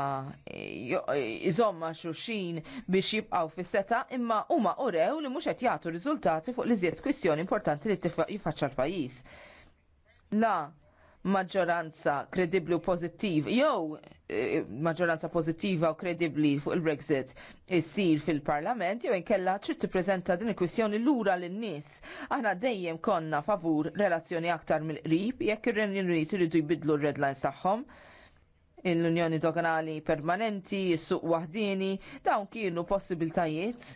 jizomma xuxin biex jibqaw fis seta imma huma urew li mhux qed jagħtu riżultati fuq li żied kwistjoni importanti li jifaċċa l-pajjiż. La maġġoranza kredibli u pozittiv, jew eh, maġġoranza pozittiva u kredibli fuq il-Brexit issir fil-Parlament, jew inkella trid tippreżenta din il-kwistjoni lura lin nies Aħna dejjem konna favur relazzjoni aktar mill-qrib jekk ir-Renju Unit iridu jbidlu r-red lines tagħhom l-Unjoni Doganali Permanenti, suq wahdini, dawn kienu possibiltajiet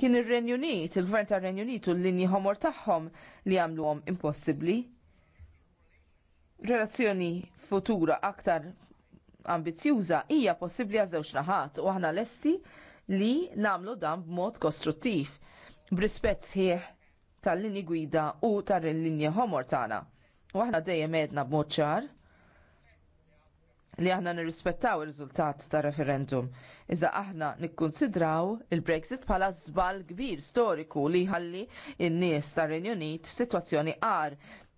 kien ir-Renju Unit, il-Gvern tar-Renju Unit u l-linji ħomor tagħhom li għamluhom impossibbli relazzjoni futura aktar ambizjuża hija possibbli għal żewġ naħat u aħna lesti li nagħmlu dan b'mod kostruttiv b'rispett sħiħ tal-linji gwida u tal-linji homor tagħna. U aħna dejjem għedna b'mod ċar li aħna nirrispettaw ir-riżultat ta' referendum. Iżda aħna nikkonsidraw il-Brexit bħala żball kbir storiku li jħalli n-nies tar-Renju Unit f'sitwazzjoni għar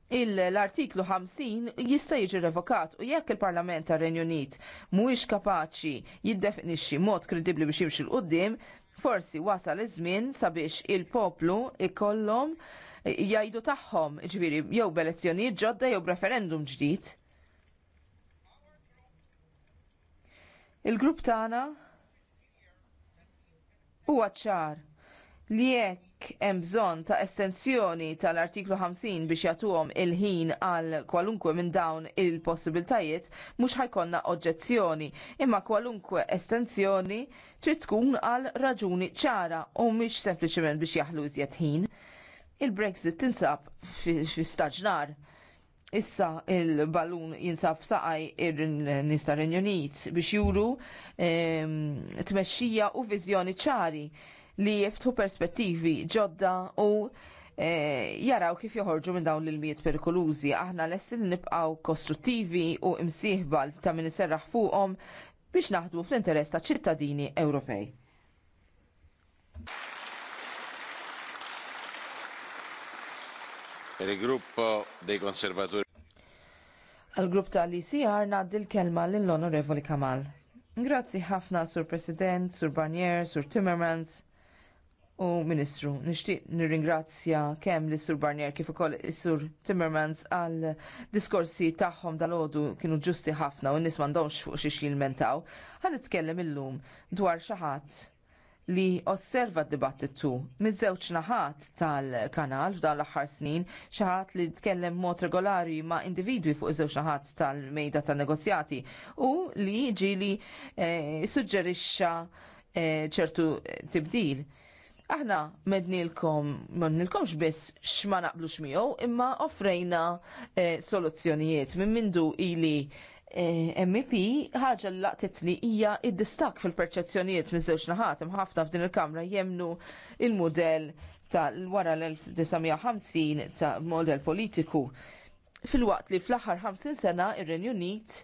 l-artiklu 50 jista' jiġi revokat u jekk il-Parlament tar renju Unit mhuwiex kapaċi jiddefinixxi mod kredibbli biex jimxi l qudiem forsi wasal iż-żmien sabiex il-poplu ikollhom jgħidu tagħhom, ġifieri jew b'elezzjonijiet ġodda jew b'referendum ġdid. Il-grupp tagħna huwa ċar li jekk għalhekk hemm bżonn ta' estensjoni tal-artiklu 50 biex jagħtuhom il-ħin għal kwalunkwe minn dawn il-possibiltajiet mhux ħajkonna oġġezzjoni, imma kwalunkwe estensjoni trid tkun għal raġuni ċara u mhix sempliċement biex jaħlu iżjed ħin. Il-Brexit tinsab fi staġnar issa il-balun jinsab saqaj ir-nista Renjonit biex juru ehm, tmexxija u viżjoni ċari li jiftħu perspettivi ġodda u e, jaraw kif joħorġu minn dawn l-ilmijiet perikolużi. Aħna lesti li nibqgħu kostruttivi u imsieħba ta' min serraħ fuqhom biex naħdmu fl-interess ta' ċittadini Ewropej. Il-gruppo dei grupp tal-ICR naddi l-kelma lill onorevoli Kamal. Grazzi ħafna, Sur President, Sur Barnier, Sur Timmermans u Ministru. Nixtieq nirringrazzja kemm lis sur Barnier kif ukoll is-Sur Timmermans għal diskorsi tagħhom dal kienu ġusti ħafna u n-nies m'għandhomx fuq xiex jilmentaw. Ħa nitkellem illum dwar xi ħadd li osserva d-dibattitu miż-żewġ naħat tal-kanal f'dan l-aħħar snin, xi ħadd li tkellem mod regolari ma' individwi fuq iż-żewġ naħat tal-mejda tan-negozjati u li ġili eh, suġġerixxa eh, ċertu eh, tibdil. Aħna mednilkom, mednilkomx biss xma naqblux miegħu, imma offrejna eh, soluzzjonijiet minn mindu ili eh, MEP ħaġa l laqtetni ija id-distak fil-perċezzjonijiet minn żewġ naħat imħafna f'din il-kamra jemnu il model ta' wara l-1950 ta' model politiku. Fil-waqt li fl-aħħar 50 sena ir-Renju Unit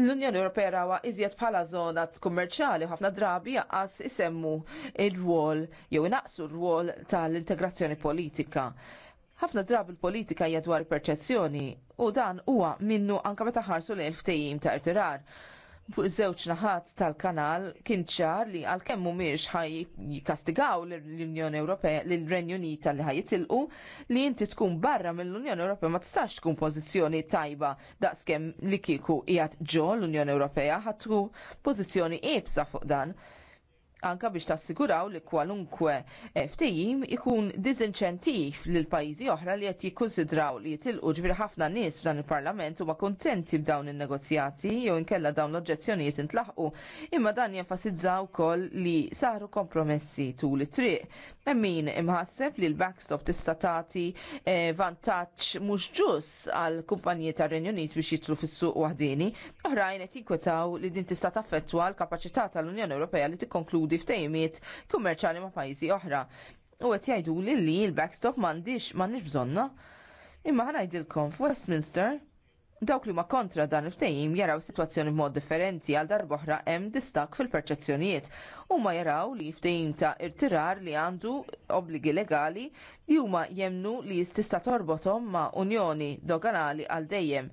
l-Unjoni Ewropea rawa iżjed bħala zona kummerċjali ħafna drabi jaqas isemmu il rwol jew inaqsu r-rwol tal-integrazzjoni politika. Ħafna drabi l-politika hija dwar perċezzjoni u dan huwa minnu anke meta ħarsu lejn ftehim ta' irtirar fuq żewġ naħat tal-kanal kien ċar li għalkemm mhumiex ħaj jikastigaw l-Unjoni Ewropea l-Renju Unita li ħajitilqu li inti tkun barra mill-Unjoni Ewropea ma tistax tkun pożizzjoni tajba daqskemm li kieku qiegħed ġol l-Unjoni Ewropea ħattu tkun pożizzjoni iebsa fuq dan anka biex tassiguraw li kwalunkwe ftehim ikun dizinċentiv lil pajjiżi oħra li qed jikkunsidraw li jitilqu ġbir ħafna nies f'dan il-Parlament huma kuntenti b'dawn in-negozjati jew inkella dawn l-oġġezzjonijiet intlaħqu, imma dan jenfasizza wkoll li saru kompromessi tul it-triq. Min imħasseb li l-backstop tista' tagħti eh, vantaġġ mhux ġust għal kumpaniji tar-Renju Unit biex jitlu fis-suq waħdini, oħrajn qed jinkwetaw li din tista' taffettwa l-kapaċità tal-Unjoni Ewropea li tikkonkludi tinkludi ftejmiet kummerċali ma' pajjiżi oħra. U qed jgħidu li li l-backstop m'għandix m'għandix bżonna. Imma ħanajdilkom f'Westminster dawk li ma kontra dan il-ftejim jaraw situazzjoni b'mod differenti għal darboħra hemm distak fil-perċezzjonijiet u ma jaraw li ftejim ta' irtirar li għandu obbligi legali li huma jemnu li jistista torbothom ma' unjoni doganali għal dejjem.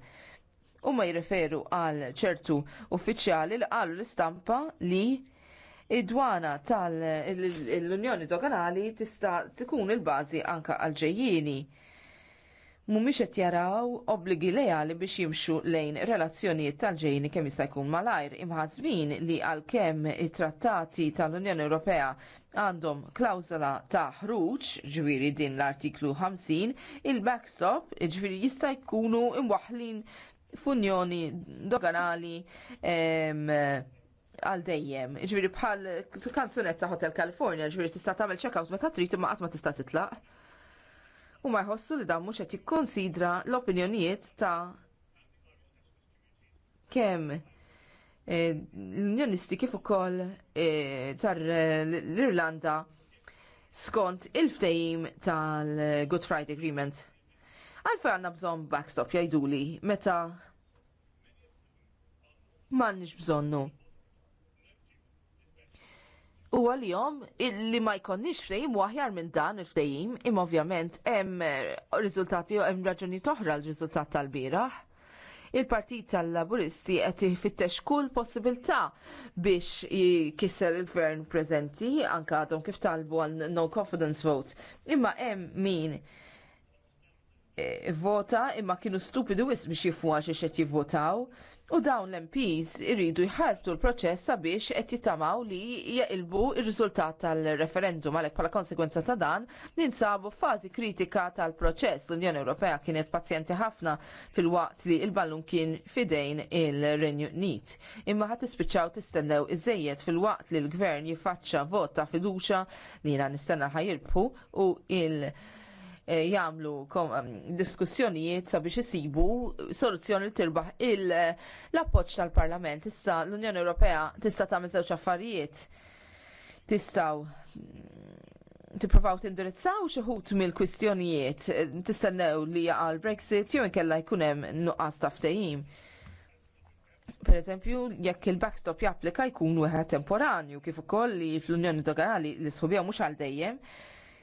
U ma jirreferu għal ċertu uffiċjali li qalu l-istampa li id-dwana tal-Unjoni Doganali tista' tkun il-bażi anke għal-ġejjini. Mhumiex qed jaraw obbligi lejali biex jimxu lejn relazzjonijiet tal-ġejjini kemm jista' jkun malajr imħazbin li għalkemm it-trattati tal-Unjoni Ewropea għandhom klawzola ta' ħruġ, ġviri din l-artiklu 50, il-backstop, iġifieri jista' jkunu imwaħlin funjoni doganali em, għal dejjem. Ġviri bħal kanzunetta Hotel California, ġviri tista' tagħmel check-out meta trid imma qatt ma tista' titlaq. U ma jħossu li dan mhux qed jikkonsidra l-opinjonijiet ta' kemm eh, l-Unjonisti kif ukoll eh, tar l-Irlanda skont il-ftehim tal-Good Friday Agreement. Għalfej għandna bżonn backstop jgħiduli meta m'għandniex bżonnu. U għal-jom, li ma jkonniex frejm waħjar minn dan il-frejm, im ovvjament hemm eh, riżultati u hemm raġuni toħra l-riżultat tal-biraħ. Il-partit tal-laburisti qed jfittex kull possibilta biex jikisser il fern preżenti anke għadhom kif talbu għal no confidence vote. Imma hemm min eh, vota imma kienu stupidu wis biex jifwa xi xed jivvotaw U dawn l-MPs iridu jħarbtu l-proċess sabiex qed jitamaw li jaqilbu ir-riżultat tal-referendum għalhekk bħala konsegwenza ta' dan ninsabu f'fażi kritika tal-proċess. L-Unjoni Ewropea kienet pazjenti ħafna fil-waqt li l-ballun kien fidejn il-Renju Unit. Imma ħadd ispiċċaw tistennew iżejjed fil-waqt li l-gvern jifaċċa vot ta' fiduċa li jiena nistenna ħajirbħu u il- Eh, jagħmlu diskussjonijiet sabiex isibu soluzzjoni li tirbaħ l-appoġġ tal-Parlament. Issa l-Unjoni Ewropea tista' tagħmel żewġ affarijiet. Tistgħu mm, tippruvaw tindirizzaw xi mill-kwistjonijiet eh, tistennew li jaqa' l-Brexit jew inkella jkun hemm nuqqas ta' ftehim. Pereżempju, jekk il-backstop japplika jkun wieħed temporanju kif ukoll li fl-Unjoni Doganali l-isħubija mhux għal dejjem,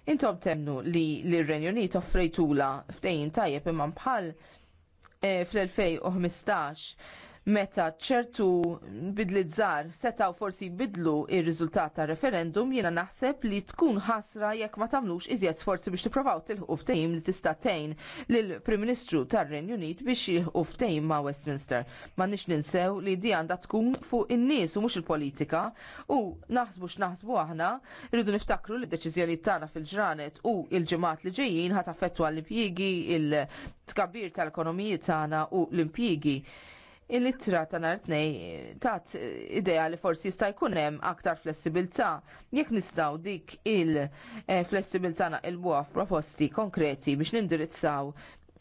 Intom temnu li l-Renju Unit offrejtula ftejn tajjeb imman bħal eh, fl-2015 meta ċertu bidlit żgħar setaw forsi bidlu ir-riżultat ta' referendum jiena naħseb li tkun ħasra jekk ma tagħmlux iżjed sforzi biex tippruvaw tilħu ftehim li tista' tgħin lill prim Ministru tar-Renju Unit biex jilħu ftehim ma' Westminster. M'għandniex ninsew li di għandha tkun fuq in-nies u mhux il-politika u naħsbu x'naħsbu aħna rridu niftakru li d-deċiżjonijiet tagħna fil-ġranet u l-ġimgħat li ġejjin ħat affettwa l-impjiegi, il-tkabbir tal-ekonomiji tagħna u l-impjiegi il-ittra ta' nhar eh, tat eh, idea li forsi jista' jkun hemm aktar flessibilità jekk nistgħu dik il-flessibilità eh, naqilbuha f'proposti konkreti biex nindirizzaw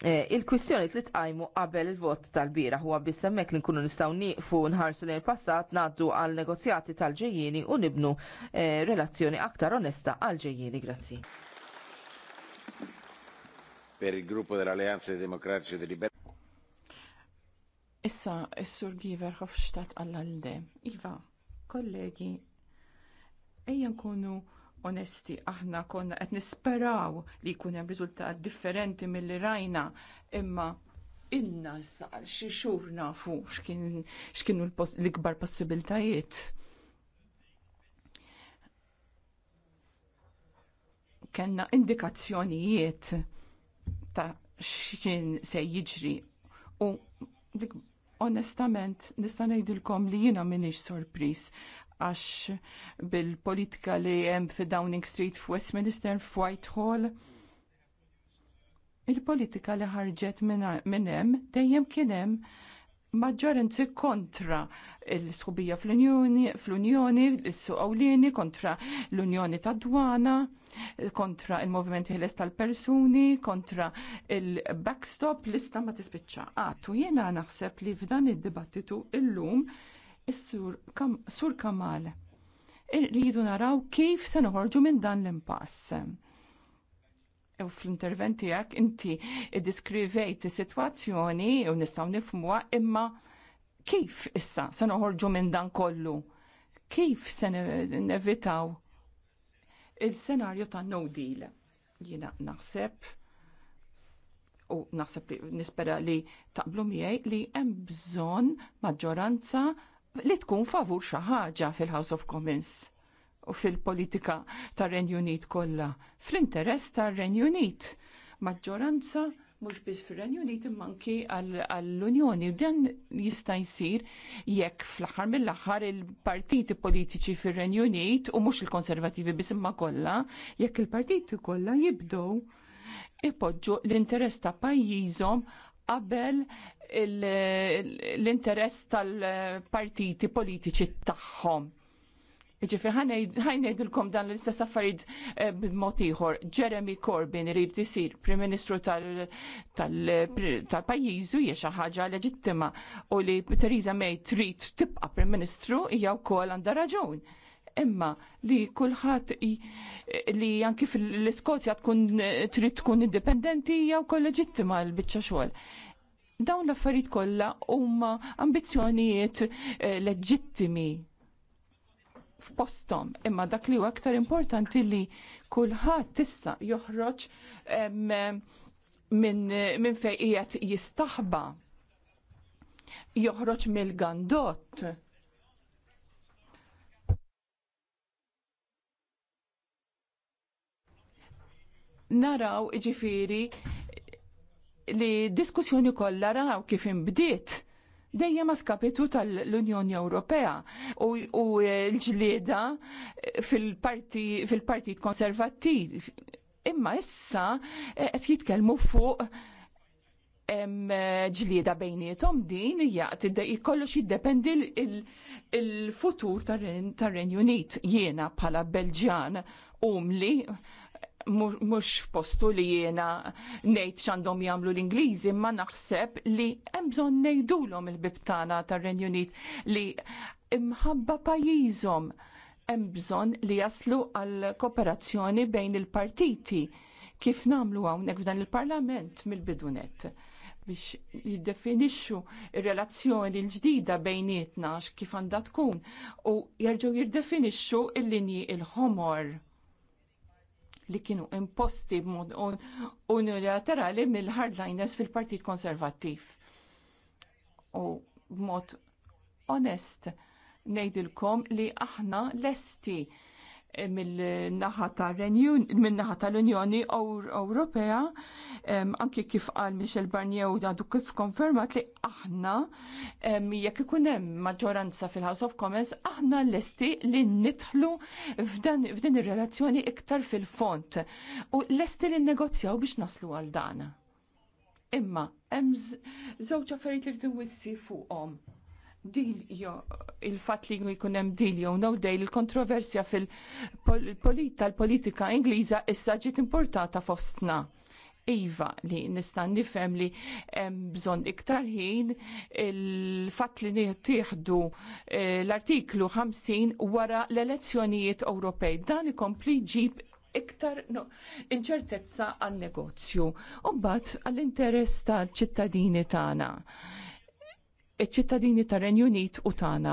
il-kwistjoni li tqajmu qabel il-vot tal-bira huwa biss hemmhekk li nkunu nistgħu nieqfu nħarsu lejn passat ngħaddu għal negozjati tal-ġejjieni u nibnu relazzjoni aktar onesta għal ġejjieni. Grazzi. Per il gruppo dell'Alleanza dei Democratici e dei Liberali. Issa, s sur Giver ħofxtat għall-għalde. Iva, kollegi, ejja nkunu onesti, aħna konna qed nisperaw li jkun hemm riżultat differenti milli rajna, imma inna issa għal xi xhur nafu x'kienu l-ikbar possibiltajiet. Kenna indikazzjonijiet ta' x'kien se jiġri u Onestament, nista' ngħidilkom li jiena m'iniex sorpris għax bil-politika li hemm fi Downing Street f'Westminster f'Whitehall il-politika li ħarġet minn hemm dejjem kien hemm inti kontra l-sħubija fl-Unjoni, l-suqawlini, kontra l-Unjoni ta' Dwana, kontra il-movimenti ħiles tal-persuni, kontra il-backstop, lista ma tispiċċa. Għattu jena naħseb li f'dan id-dibattitu illum is-sur Kamal. Rridu naraw kif se noħorġu minn dan l-impass u fl interventi tiegħek inti id is-sitwazzjoni u nistgħu nifhmuha imma kif issa se noħorġu minn dan kollu? Kif se nevitaw il-senarju ta' no deal? Jiena naħseb u naħseb li nispera li taqblu miegħi li hemm bżonn maġġoranza li tkun favur xi ħaġa fil-House of Commons u fil-politika tar-Renju Unit kollha. Fl-interess tar-Renju Unit, maġġoranza mhux biss fir renjunit Unit imma għall-Unjoni u dan jista' jsir jekk fl-aħħar mill-aħħar il-partiti politiċi fir-Renju Unit u mhux il-Konservattivi biss imma kollha, jekk il-partiti kollha jibdew ipoġġu l-interess ta' pajjiżhom qabel l-interess tal-partiti politiċi tagħhom Ġifri, ħajnejdilkom dan l-istess affarid eh, b'mod ieħor. Jeremy Corbyn irid isir Prim Ministru tal pajizu hija xi ħaġa leġittima u li Theresa May trid tibqa' Prim Ministru hija wkoll għandha raġun. Imma li kulħadd li anki fl-Iskozja tkun trid tkun indipendenti hija wkoll leġittima l-biċċa xogħol dawn l-affarijiet kollha huma ambizzjonijiet eh, leġittimi f'postom. Imma dak li huwa aktar importanti li kulħadd issa joħroġ minn min fejn qiegħed jistaħba. Joħroġ mill-gandot. Naraw ġifiri li diskussjoni kollha naraw kif inbdiet Dejja ma skapitu tal-Unjoni Ewropea u, u l-ġlieda fil-partit fil konservattiv. Imma issa eh, qed jitkellmu fuq ġlieda bejnietom din hija kollox jiddependi il-futur tar-Renju Unit jiena bħala Belġjan umli mux f'postu li jena nejt xandom jamlu l-Ingliżi, ma naħseb li emżon nejdulom il-bibtana tar-Renju Unit li imħabba pajizom bżonn li jaslu għal kooperazzjoni bejn il-partiti kif namlu hawnhekk f'dan il-Parlament mill-bidunet biex jiddefinixxu ir-relazzjoni l-ġdida bejnietna kif għandha tkun u jerġgħu jiddefinixxu l-linji il-ħomor li kienu imposti b'mod unilaterali mill-hardliners fil-Partit Konservattiv. U b'mod onest ngħidilkom li aħna lesti mill-naħa tal-Unjoni Ewropea anki kif qal Michel Barnier u dadu kif konfermat li aħna jekk ikun hemm maġġoranza fil-House of Commons aħna lesti li nidħlu f'din ir-relazzjoni iktar fil-font u lesti li nnegozjaw biex naslu għal dan. Imma hemm żewġ affarijiet li rridu wissi fuqhom Din jo il-fat li jkun hemm jo, jew no deal il-kontroversja fil-polita l-politika Ingliża issa ġiet importata fostna. Iva li nista' nifhem li hemm bżonn iktar ħin il-fatt li nittieħdu eh, l-artiklu 50 wara l-elezzjonijiet Ewropej. Dan ikompli jġib iktar no, inċertezza għal negozju u mbagħad għall-interess tal-ċittadini tagħna iċ-ċittadini tar renju Unit u tagħna.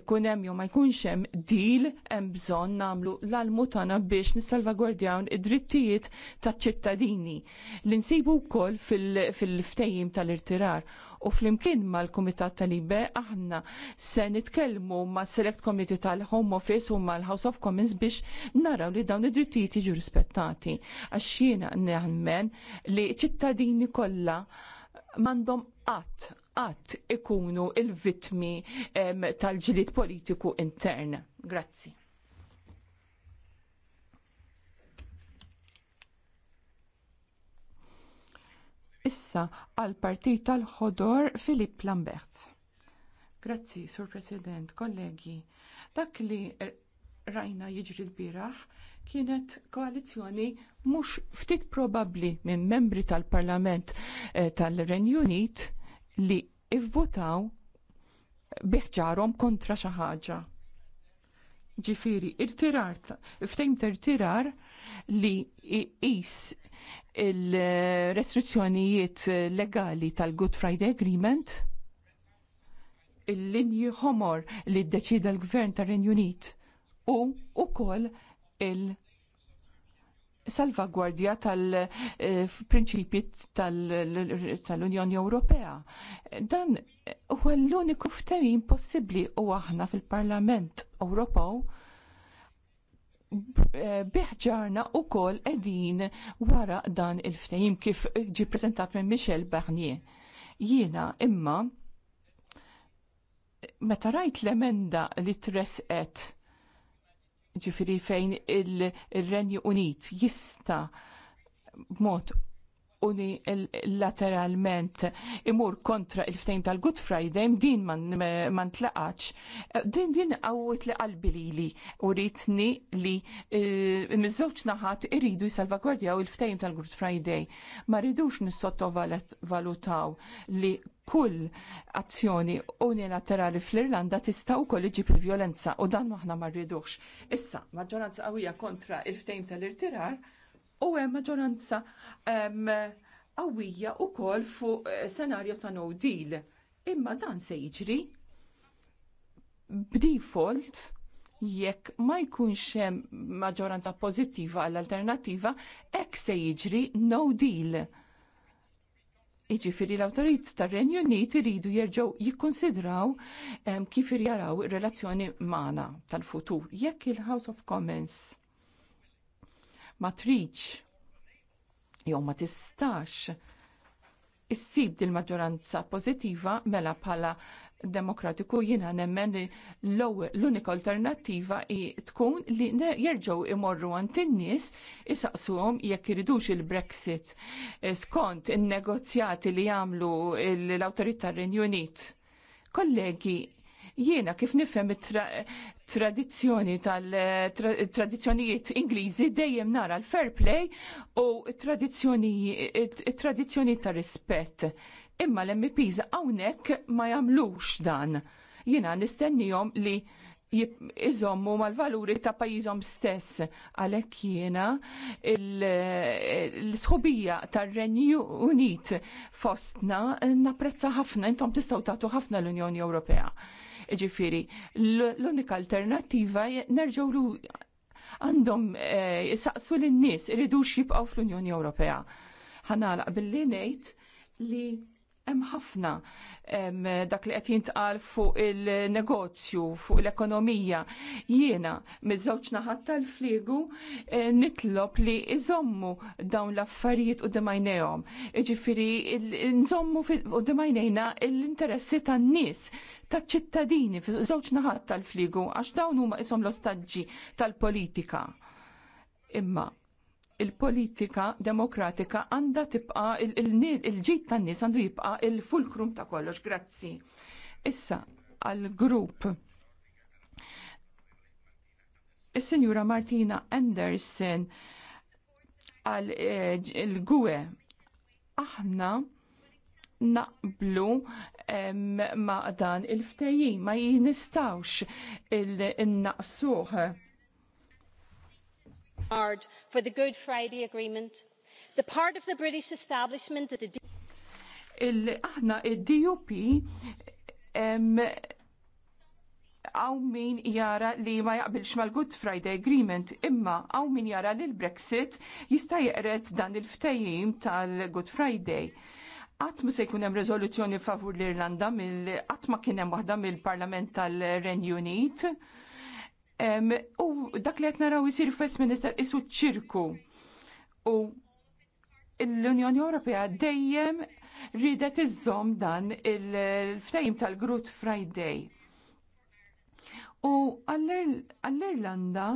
Ikun hemm jew ma jkunx hemm deal hemm bżonn nagħmlu l-almu tagħna biex nissalvagwardjaw id-drittijiet taċ-ċittadini li nsibu wkoll fil ftehim tal-irtirar. U flimkien mal-Kumitat tal-Ibe aħna se nitkellmu ma' Select Committee tal-Home Office u mal-House of Commons biex naraw li dawn id-drittijiet jiġu rispettati. Għax jiena li ċittadini kollha m'għandhom qatt qatt ikunu il-vitmi tal-ġilid politiku intern. Grazzi. Issa għal partit tal-ħodor Filip Lambert. Grazzi, Sur President, kollegi. Dak li rajna jiġri l-biraħ kienet koalizjoni mhux ftit probabbli minn membri tal-Parlament eh, tal-Renju Unit li ivvutaw biħġarhom kontra xi ħaġa. Ġifiri, irtirar, ftejm tirar li is il-restrizzjonijiet legali tal-Good Friday Agreement il-linji homor li d-deċida l-gvern tar renjunit u u ukoll il- salvagwardja tal-prinċipji eh, tal-Unjoni Ewropea. Dan huwa l-uniku ftehim possibbli u aħna fil-Parlament Ewropew eh, biħġarna u kol edin wara dan il-ftehim kif ġi prezentat minn Michel Barnier. Jiena imma meta rajt l-emenda li tresqet ġifiri fejn il-Renju Unit jista b'mod unilateralment imur kontra il-ftejn tal-Good Friday, din man tlaqax. Din din għawet li qalbi li li u rritni li eh, mizzoċ naħat irridu jisalvagwardjaw il-ftejn tal-Good Friday. Ma rridux nissottovalutaw li kull azzjoni unilaterali fl-Irlanda tista' wkoll iġib il-vjolenza u dan maħna ma rridux. Issa, maġġoranza qawwija kontra il-ftejm tal-irtirar u hemm maġġoranza qawwija wkoll fuq eh, senarju ta' no deal. Imma dan se jiġri b'default jekk ma jkunx hemm maġġoranza pożittiva għall alternattiva hekk se jiġri no deal Iġifiri l-autorit tar renju Unit iridu jerġgħu jikkonsidraw kif jaraw ir-relazzjoni magħna tal-futur. Jekk il-House of Commons ma triċ jew ma tistax issib dil maġġoranza pożittiva mela bħala demokratiku jina nemmen li l-unika alternativa i tkun li jirġaw imorru għant in-nies isaqsuhom jekk iridux il-Brexit eh, skont in-negozjati li jamlu l autorita Renju Unit. Kollegi, jiena kif nifhem tradizzjoni tal-tradizzjonijiet Ingliżi dejjem nara l-fair play u tradizzjoni ta' rispett imma l-MPs hawnhekk ma jagħmlux dan. Jiena nistennijom li jizommu mal-valuri ta' pajizom stess. Għalek jiena l-sħubija tar renju Unit fostna napprezza ħafna, intom tistaw tagħtu ħafna l-Unjoni Ewropea. Ġifiri, l-unika alternativa nerġgħu għandhom jisaqsu eh, l-nies iridux jibqgħu fl-Unjoni Ewropea. Ħanalaq billi ngħid li hemm ħafna dak li qed jintqal fuq il-negozju, fuq l-ekonomija. Jiena miż-żewġ naħat tal-fliegu eh, nitlob li iżommu dawn l-affarijiet u dimajnejhom. Jiġifieri nżommu u dimajnejna l-interessi tan-nies taċ-ċittadini fi żewġ naħat tal-fliegu għax dawn huma ishom l-ostaġġi tal-politika. Imma il-politika demokratika għandha tibqa il-ġid tan-nies għandu jibqa il-fulkrum ta' kollox. Grazzi. Issa għal-grupp is senjura Martina Anderson għal eh, gwe aħna naqblu ma' dan il-ftejji ma jinistawx il-naqsuħ. il naqsuħ hard for the Good Friday Agreement. The part of the British establishment that the aħna id-DUP għaw min jara li ma jaqbilx mal-Good Friday Agreement, imma aw min jara li l-Brexit jista' jeqret dan il-ftejim tal-Good Friday. Qatt ma se jkun hemm rezoluzzjoni favur l-Irlanda mill qatt ma kien hemm waħda mill-Parlament tal-Renju Unit U dak li qed naraw isir Minister isu ċirku. U l-Unjoni Ewropea dejjem ridet iżżomm dan il-ftejim tal-Good Friday. U għall-Irlanda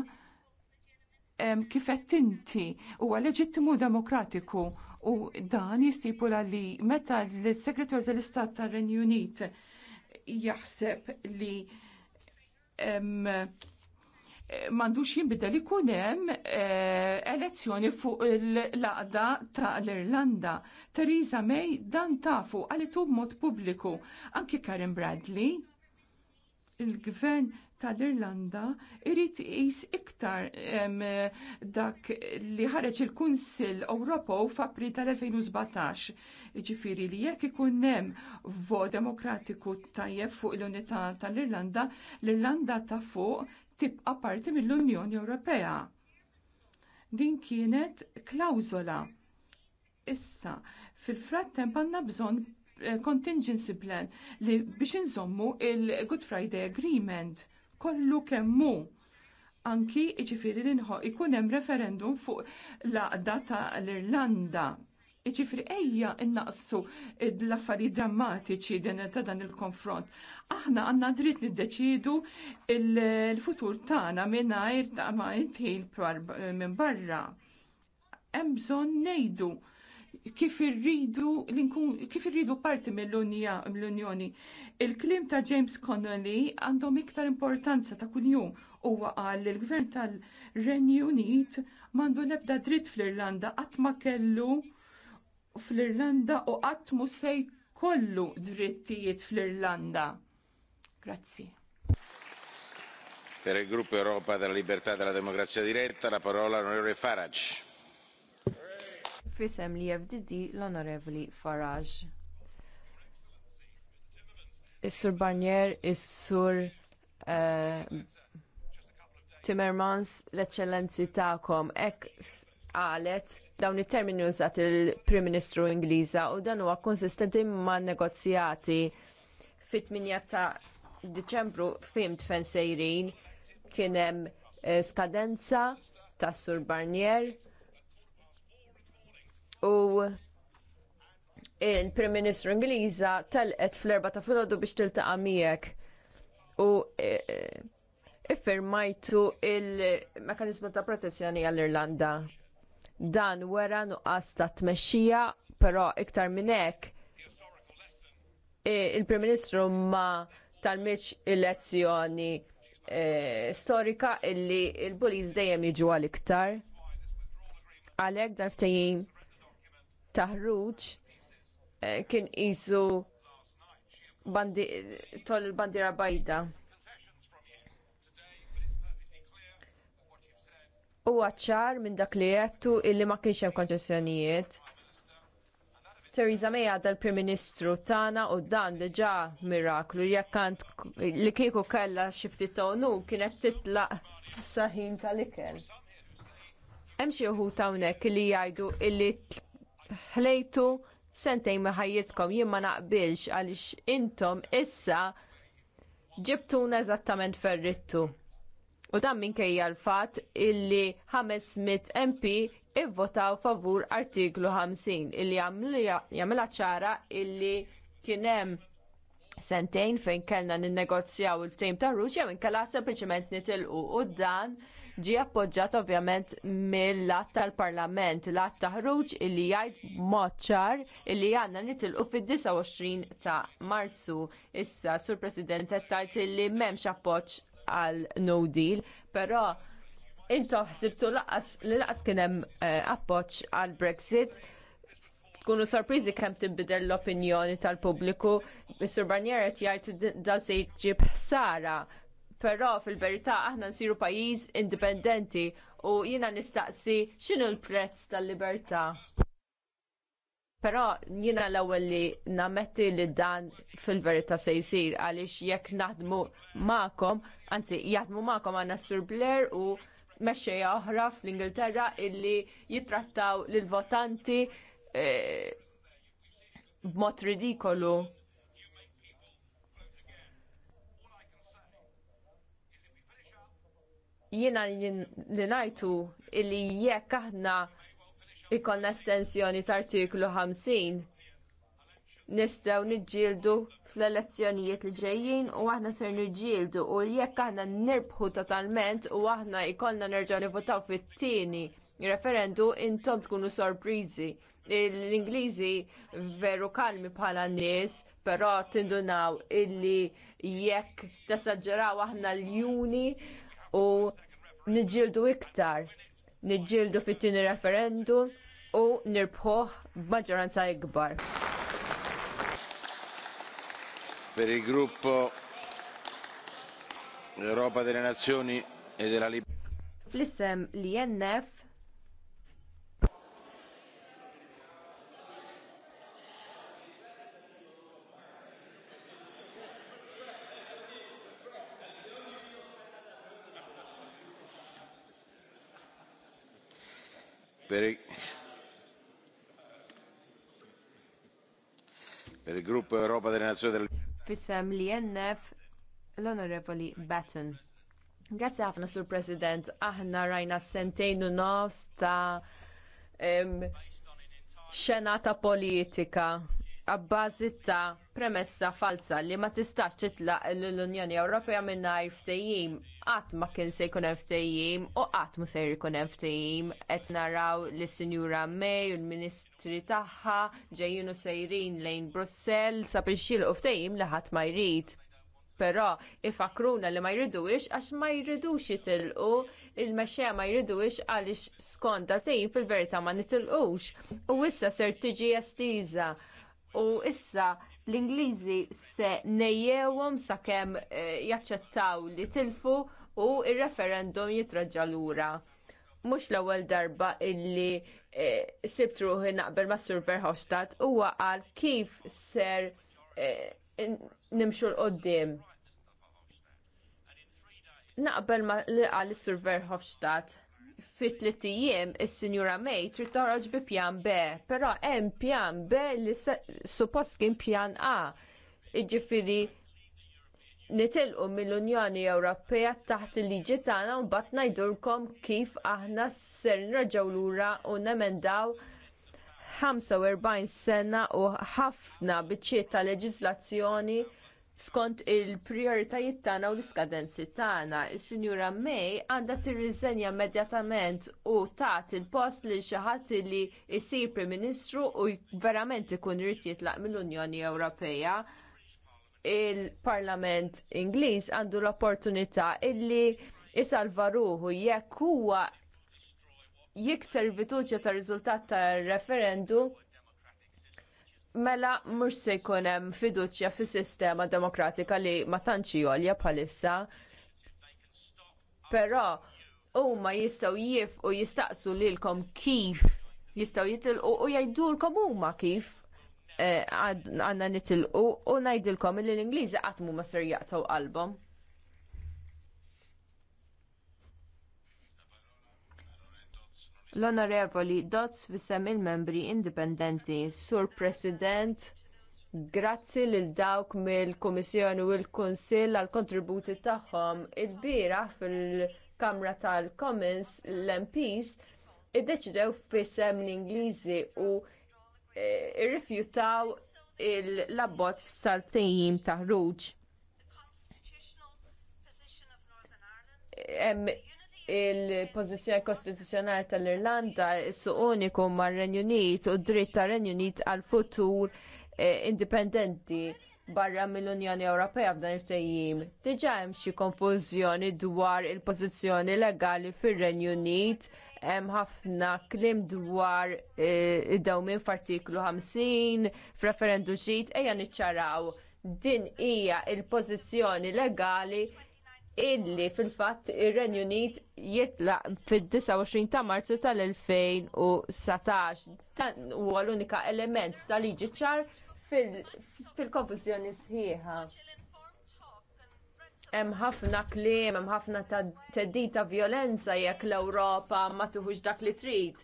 kifet inti huwa leġittimu demokratiku u dan jistipula li meta l-Segretar tal-Istat tar-Renju Unit jaħseb li mandux li kunem eh, elezzjoni fuq l-laqda ta' l-Irlanda. Theresa May dan tafu għalitu mod publiku. Anki Karen Bradley, il-gvern tal-Irlanda irrit jis iktar dak li ħareġ il-Kunsill Ewropew f'Apri tal-2017. Ġifiri li jekk ikun hemm vot demokratiku tajjeb fuq l-unità tal-Irlanda, l-Irlanda ta' fuq tibqa' parti mill-Unjoni Ewropea. Din kienet klawżola. Issa, fil-frattemp għandna bżonn eh, contingency plan li biex inżommu il-Good Friday Agreement kollu kemmu anki ġifiri li ikun hemm referendum fuq l-aqda ta' l-Irlanda Iġifri ejja innaqsu l-affari drammatiċi din ta' dan il-konfront. Aħna għanna dritt niddeċidu il-futur tagħna mingħajr ta' ma jitħil minn barra. Hemm bżonn ngħidu kif irridu kif irridu parti mill-Unjoni. Il-klim ta' James Connolly għandhom iktar importanza ta' kuljum huwa qal li l-gvern tal-Renju Unit m'għandu l-ebda dritt fl-Irlanda qatt ma kellu fl-Irlanda u qatt mhu se jkollu drittijiet fl-Irlanda. Grazzi. Per il gruppo Europa della Libertà e della Democrazia Diretta la parola all'onorevole Farage. Fisem li FDD l-onorevoli Farage. Is-sur Barnier, is-sur eh, Timmermans, l-eccellenzi ta'kom, ek għalet dawn it-termini użat il-Prim Ministru Ingliża u dan huwa konsistenti ma' negozjati fit-8 ta' Diċembru fimt fejn sejrin kien hemm eh, skadenza ta' Sur Barnier u il-Prim Ministru Ingliża telqet fl-erba ta' filgħodu biex tiltaqa' miegħek u eh, iffirmajtu il-mekanizmu ta' protezzjoni għall-Irlanda Dan wera nuqqas ta' tmexxija, però iktar minn hekk il-Prim Ministru ma talmitx il-lezzjoni e, storika illi il-buliz dejjem jiġu għal-iktar. Għalhekk darftejjim taħruġ e, kien qisu tol bandira bajda. huwa ċar minn dak li jettu illi ma kienx hemm konċessjonijiet. Theresa May għadha l-Prim Ministru tagħna u dan diġà miraklu jekk kant li kieku kellha xi ftit tonu kienet titlaq saħin tal-ikel. Hemm xi wħud hawnhekk li jgħidu illi ħlejtu sentejn ma' ħajjitkom jien ma naqbilx għaliex intom issa ġibtuna eżattament ferrittu. U dan minkejja l-fatt illi 500 MP ivvotaw favur artiklu 50 illi jagħmilha ċara illi kien hemm sentejn fejn kellna ninnegozjaw il-ftejm ta' Ruċja minn kalla sempliċement nitilqu u dan ġie appoġġat ovvjament mill-att tal-Parlament, l ta' ħruġ illi jgħid moċċar ċar illi għandna nitilqu fid-29 ta' Marzu. Issa, Sur President, qed tajt illi m'hemmx appoġġ għal no deal, però intom ħsibtu laqas li laqas kien hemm eh, appoġġ għal Brexit tkunu sorpriżi kemm tinbidel l-opinjoni tal-pubbliku. Mr. Barnier qed jgħid da se jġib ħsara, però fil-verità aħna nsiru pajjiż indipendenti u jiena nistaqsi x'inhu l-prezz tal-libertà. Però jiena l-ewwel li nametti li dan fil-verità se jsir għaliex jekk naħdmu magħkom, anzi jaħdmu magħkom għandna Sur Blair u mexxejja oħra fl-Ingilterra illi jittrattaw lill votanti eh, b'mod ridikolu. Jiena li ngħidu illi jekk aħna ikonna estensjoni ta' artiklu 50 nistgħu niġġieldu fl-elezzjonijiet li ġejjin u aħna ser niġġieldu u jekk aħna nirbħu totalment u aħna jkollna nerġa' nivotaw fit-tieni referendu intom tkunu sorpriżi. L-Ingliżi veru kalmi bħala nies, però tindunaw illi jekk tasagġeraw aħna l-juni u niġġieldu iktar. Niġġieldu fit-tieni referendum u nirpoħ b'maġġoranza ikbar. Per il gruppo Europa delle Nazioni e della Libertà. Flissem issem li jennef per fil-grupp Europa delle Nazioni del Fissem li jennef l-Onorevoli Batten. Grazie ħafna, Sur President. Aħna rajna sentejn u nos ta' xena ta' politika għabbażi ta' premessa falsa li ma tistax titlaq l-Unjoni Ewropea mingħajr ftehim qatt ma kien se jkun hemm ftehim u qatt mu se jkun hemm ftehim qed naraw li sinjura May u l-Ministri tagħha ġejjin u sejrin lejn Brussell sabiex jilqu ftehim li ħadd ma jrid. Però ifakruna li ma jridux għax ma jridux jitilqu il-mexxej ma jridux għaliex skont ftehim fil-verità ma nitilqux u issa ser tiġi estiża u issa l-Ingliżi se nejjewhom sakemm eh, jaċċettaw li tilfu u r referendum jitraġġa lura. Mhux l-ewwel darba illi eh, sibt ruħi naqbel ma' Sur Verhofstadt huwa qal kif ser eh, nimxu l-qoddim. Naqbel ma li għal Sur Verhofstadt fit tijiem is-Sinjura May trid toroġ bi pjan B, però hemm pjan B li suppost kien pjan A. Jiġifieri nitilqu mill-Unjoni Ewropea taħt il-liġi tagħna u mbagħad ngħidulkom kif aħna ser nraġgħu lura u nemendaw 45 sena u ħafna biċċiet ta' leġiżlazzjoni skont il-prioritajiet tagħna u l-iskadenzi tagħna. Is-Sinjura May għandha tirriżenja immedjatament u tagħti il-post li xi ħadd li jsir Prim Ministru u verament ikun irid jitlaq mill-Unjoni Ewropea. Il-Parlament Ingliż għandu l-opportunità illi isalva ruħu jekk huwa jikser fiduċja tar riżultat tar referendum mela mhux se jkun hemm fiduċja fis-sistema demokratika li ma tantx għolja bħalissa. Però huma jistgħu jifqu jistaqsu lilkom kif jistgħu jitilqu u jgħidulkom huma kif eh, għandna nitilqu u ngħidilkom li l-Ingliżi qatt mu ma ser jaqtgħu qalbhom. L-Onorevoli Dodds fissem il-membri indipendenti, Sur President, grazzi lil dawk mill-Kummissjoni u l-Kunsill għall kontributi tagħhom il fil-Kamra tal-Commons l-MPs iddeċidew fisem l-Ingliżi u e, irrifjutaw l-abbozz tal-tejjim ta' ħruġ il-pozizjoni kostituzzjonali tal-Irlanda, is uniku mar-Renju Unit u d-dritt tar-Renju Unit għal futur eh, indipendenti barra mill-Unjoni Ewropea f'dan il fejjim Diġa hemm xi konfużjoni dwar il-pożizzjoni legali fir-Renju Unit, hemm ħafna kliem dwar eh, id-dawmin f'artiklu 50 f'referendu ġid ejja niċċaraw din hija il-pożizzjoni legali illi fil-fatt ir-Renju Unit jitlaq fid-29 ta' Marzu tal-2017. Dan huwa l-unika element tal-liġi ċar fil-konfużjoni sħiħa. Hemm ħafna kliem, hemm ħafna teddita violenza jekk l-Ewropa ma tuħux dak li trid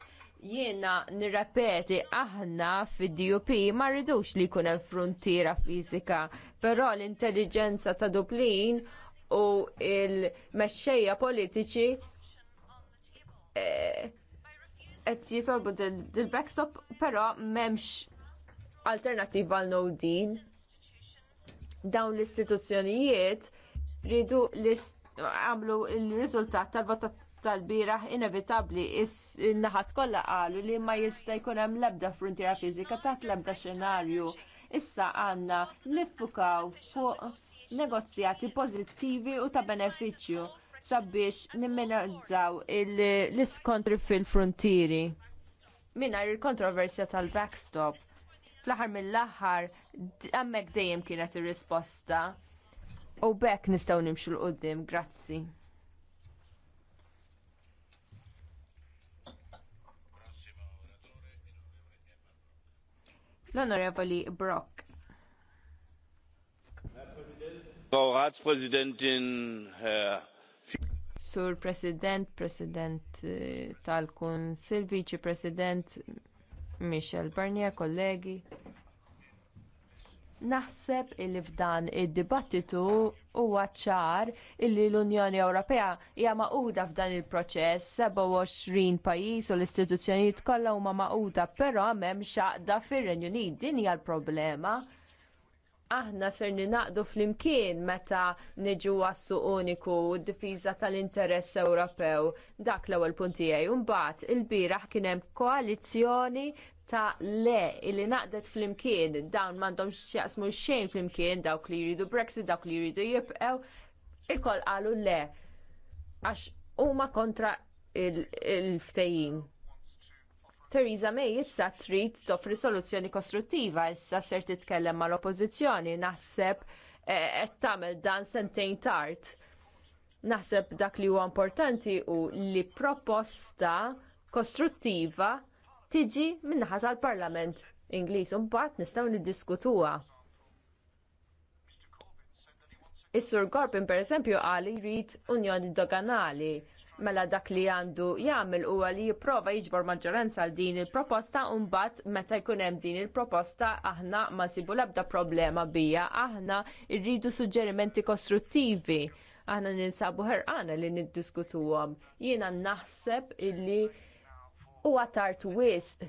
jiena nirrepeti aħna fid-DUP ma rridux li jkun hemm frontiera fiżika, però l-intelligenza ta' Dublin u il-mexxejja politiċi eh, qed jitolbu dil-backstop, però m'hemmx alternattiva għal no din. Dawn l-istituzzjonijiet ridu għamlu l-riżultat tal vota tal-biraħ inevitabli in-naħat kollha qalu li ma jista' jkun hemm l-ebda frontiera fiżika taħt l-ebda xenarju. Issa għandna nifukaw fuq negozjati pożittivi u ta' benefiċċju sabiex nimminazzaw l-iskontri fil-frontieri minna il-kontroversja tal-backstop. Fl-aħħar mill-aħħar hemmhekk dejjem kienet ir-risposta. U bekk nistaw nimxu l-qoddim, grazzi. l-Onorevoli Brock. Frau Ratspräsidentin, Herr Sur President, President eh, tal-Kunsil, Vice President Michel Barnier, kollegi. Naħseb illi f'dan id-dibattitu huwa ċar illi l-Unjoni Ewropea hija maquda f'dan il-proċess 27 pajjiż u l-istituzzjonijiet kollha huma maquda, però m'hemm xaqda fir-Renju Unit din hija l-problema aħna ser ninaqdu fl-imkien meta niġu għassu uniku u d-difiża tal-interess Ewropew. Dak l ewwel puntijaj, mbagħad il-biraħ kien hemm ta' le illi naqdet fl-imkien dawn mandom xjaqsmu xejn fl-imkien dawk li jridu Brexit, dawk li jridu jibqew, ikoll qalu le għax huma kontra il-ftejjin. Il Theresa May issa trid toffri soluzzjoni kostruttiva, issa ser titkellem mal-oppożizzjoni, naħseb eh, qed tagħmel dan sentejn tard. Naħseb dak li huwa importanti u li proposta kostruttiva tiġi min-naħa tal-Parlament Ingliż u mbagħad nistgħu niddiskutuha. Is-Sur Corbyn pereżempju qal jrid Unjoni Doganali mela dak li għandu jagħmel huwa li jipprova jiġbor maġġoranza għal din il-proposta u mbagħad meta jkun hemm din il-proposta aħna ma sibu l-ebda problema bija, aħna rridu suġġerimenti kostruttivi aħna ninsabu ħerqana li niddiskutuhom. Jiena naħseb illi huwa tard wisq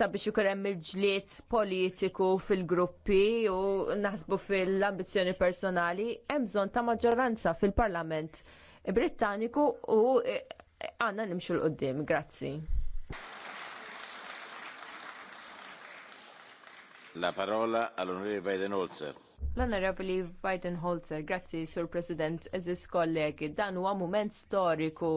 sabiex ikun hemm il-ġlied politiku fil-gruppi u naħsbu fil-ambizzjoni personali, hemm bżonn ta' maġġoranza fil-Parlament Brittaniku u e, e, għanna nimxu l-qoddim. Grazzi. La parola all'onorevole Holzer. l Biden Holzer, grazzi, Sur President, eżis kollegi, dan huwa mument storiku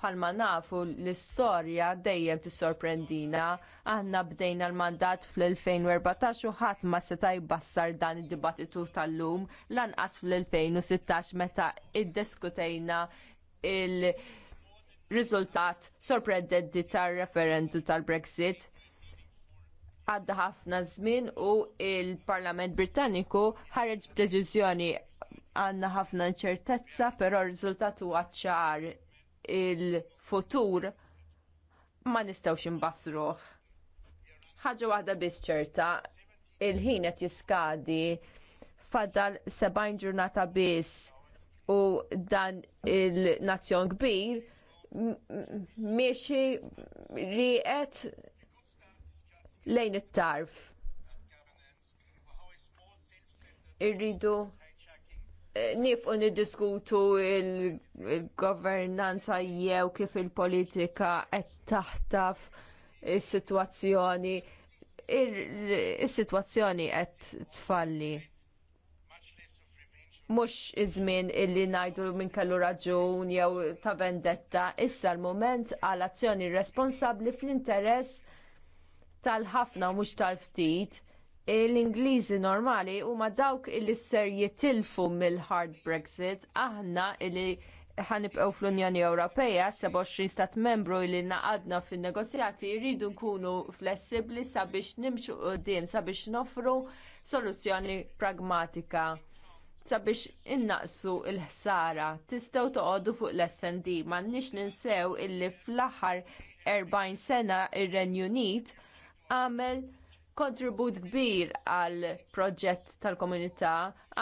Palma nafu l-istorja dejjem tissorprendina. Aħna bdejna l-mandat fl-2014 u ħadd ma seta' jbassar dan id-dibattitu tal-lum lanqas fl-2016 meta iddiskutejna il- riżultat sorprendenti tar-referendu tal-Brexit għadda ħafna żmien u l parlament Britanniku ħareġ b'deċiżjoni għandna ħafna inċertezza, però r-riżultat huwa ċar il-futur ma nistawx imbassruh. Ħaġa waħda biss ċerta, il-ħin qed jiskadi fadal 70 ġurnata biss u dan il-nazzjon kbir miexi riqet lejn it-tarf. Irridu nifqu niddiskutu il-governanza jew kif il-politika qed taħtaf is-sitwazzjoni is-sitwazzjoni qed tfalli. Mhux iż-żmien illi ngħidu minn kellu raġun jew ta' vendetta, issa l-mument għal azzjoni responsabbli fl-interess tal-ħafna u mhux tal-ftit l-Ingliżi normali huma dawk li ser jitilfu mill-hard Brexit aħna li ħanibqew fl-Unjoni Ewropea 27 stat membru li naqadna fin-negozjati jridu nkunu flessibbli sabiex nimxu qudiem sabiex nofru soluzzjoni pragmatika sabiex innaqsu l ħsara Tistgħu toqogħdu fuq l-SND m'għandniex ninsew illi fl-aħħar 40 sena ir-Renju Unit għamel kontribut kbir għal proġett tal-komunità,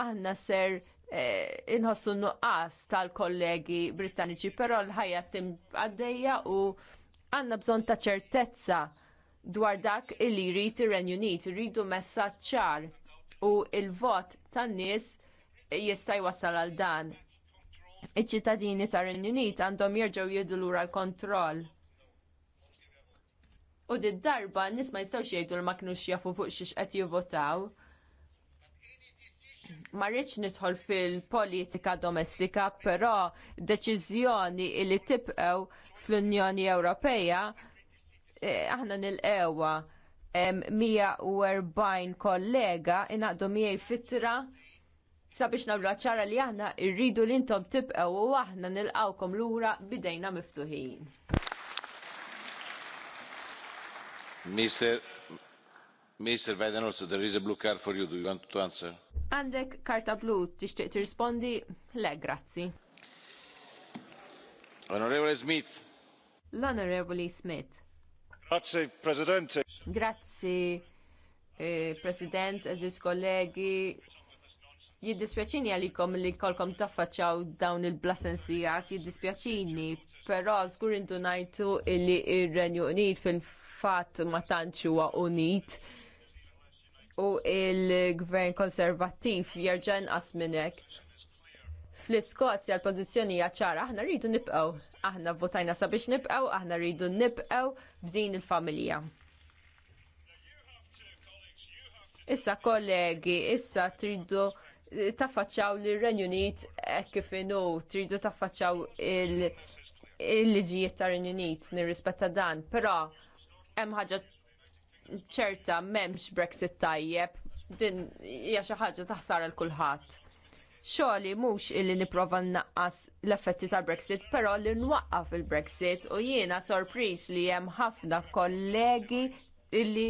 aħna ser eh, inħossu nuqqas tal-kollegi britanniċi, però l-ħajja tim għaddejja u għanna bżon ta' ċertezza dwar dak illi jrid ir-Renju Unit, irridu messaġġ ċar u il-vot tan-nies jista' jwassal għal dan. Iċ-ċittadini tar-Renju Unit għandhom jerġgħu jiddu lura l-kontroll U did darba nis ma jistawx jgħidu l maknux jafu fuq xiex qed jivvotaw. Ma rridx nidħol fil-politika domestika, però deċiżjoni li tibqew fl-Unjoni Ewropea eh, aħna nil-ewa 140 kollega inaqdu miegħi fitra sabiex nagħmlu ċara li aħna rridu l intom tibqew u aħna nilqawkom lura bidejna miftuħin. Mr. Mr. Vaden, also there is a blue card for you. Do you want to answer? Għandek karta blu, tixtieq tirrispondi? Le, grazzi. Onorevole Smith. L-Onorevoli Smith. Grazie, Presidente. Grazzi, eh, President, eżis kollegi. Jiddispjaċini għalikom li kolkom taffaċċaw dawn il-blasensijat, jiddispjaċini, però zgur indunajtu illi ir-Renju Unit fil fatt ma tantx huwa unit u il-gvern konservattiv jerġa' inqas minn hekk. Fl-Iskozja l-pożizzjoni hija ċara, aħna rridu nibqgħu, aħna votajna sabiex nibqgħu, aħna rridu nibqgħu f'din il-familja. Issa kollegi, issa tridu taffaċċaw li r-Renju Unit kif inhu tridu taffaċċaw il-liġijiet tar-Renju Unit nirrispetta dan, però hemm ħaġa ċerta m'hemmx Brexit tajjeb, din hija xi ħaġa taħsar l kulħadd. Xoli mhux illi nipprova nnaqqas l-effetti tal-Brexit, però li nwaqqaf il-Brexit u jiena sorpriż li hemm ħafna kollegi illi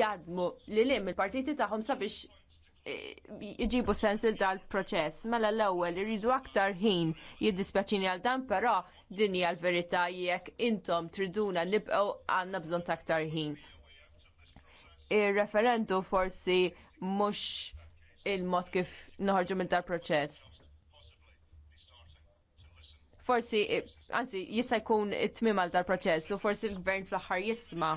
jadmu li lim il-partiti tagħhom sabiex jġibu sens il dal proċess mela l-ewwel iridu aktar ħin jiddispjaċini għal dan però din hija l-verità jekk intom triduna nibqgħu għandna bżonn ta' aktar ħin. Ir-referendum forsi mhux il-mod kif noħorġu minn dal proċess. Forsi, anzi, jista' jkun it-tmim għal dal proċess u forsi l-gvern fl-aħħar jisma'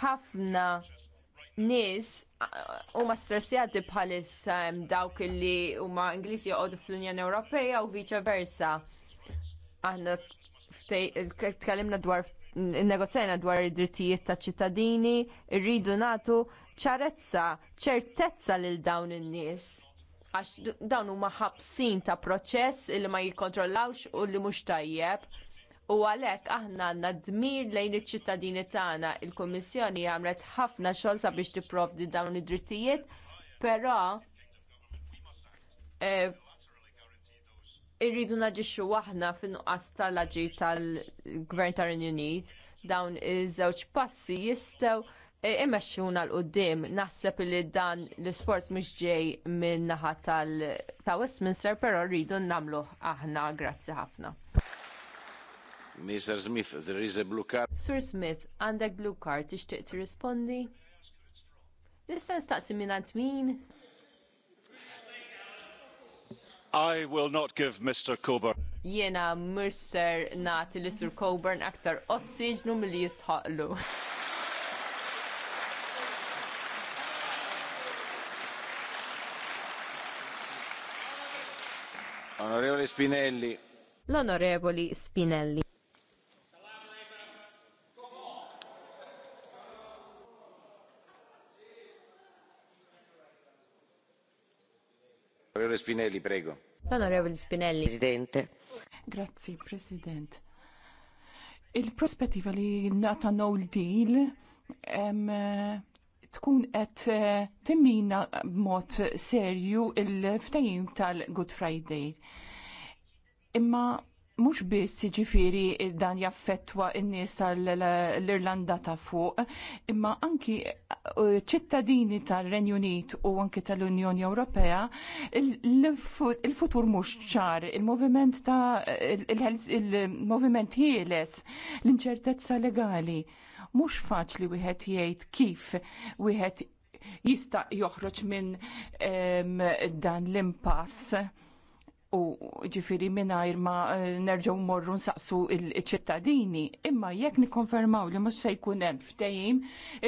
ħafna nis u uh, ma stressjati bħalis dawk li u ma Inglisi fl-Unjoni Ewropea u viċa versa. Aħna tkellimna dwar negozjajna dwar id-drittijiet ta' ċittadini, irridu natu ċarezza, ċertezza lil dawn in-nies. Għax dawn huma ħabsin ta' proċess li ma jikkontrollawx u li mhux tajjeb U għalhekk aħna għandna dmir lejn iċ-ċittadini tagħna. Il-Kummissjoni għamlet ħafna xogħol sabiex tipprovdi dawn id-drittijiet, però e, irridu naġixxu aħna fin-nuqqas tal-aġi tal-Gvern ta' renju Unit dawn iż-żewġ passi jistgħu e, imexxuna l qudiem naħseb li dan l isforz mhux ġej min naħa tal ta' Westminster, però rridu nagħmluh aħna grazzi ħafna. Mr. Smith, there is a blue card. Sir Smith, għandek blue card, tixtieq tirrispondi? Nistan nistaqsi minn għand min? I will not give Mr. Coburn. Jena mr nati li Sir Coburn aktar ossiġnu milli jistħaqlu. Onorevoli Spinelli. L'onorevoli Spinelli. Onorevole Spinelli, prego. Onorevole Spinelli. Presidente. President. Il-prospettiva li nata no deal em, tkun qed eh, timmina mod serju il-ftajim tal-Good Friday. Imma mux biss ġifiri dan jaffettwa n-nies tal-Irlanda ta' fuq, imma anki uh, ċittadini tal-Renju Unit u anki tal-Unjoni Ewropea, il-futur mhux ċar, il-moviment ta' il-moviment jieles, l-inċertezza legali, mhux faċli wieħed jgħid kif wieħed jista' joħroġ minn dan l-impass u ġifiri minnajr ma eh, nerġaw morru nsaqsu il-ċittadini, imma jekk nikonfermaw li mux se jkun hemm ftehim,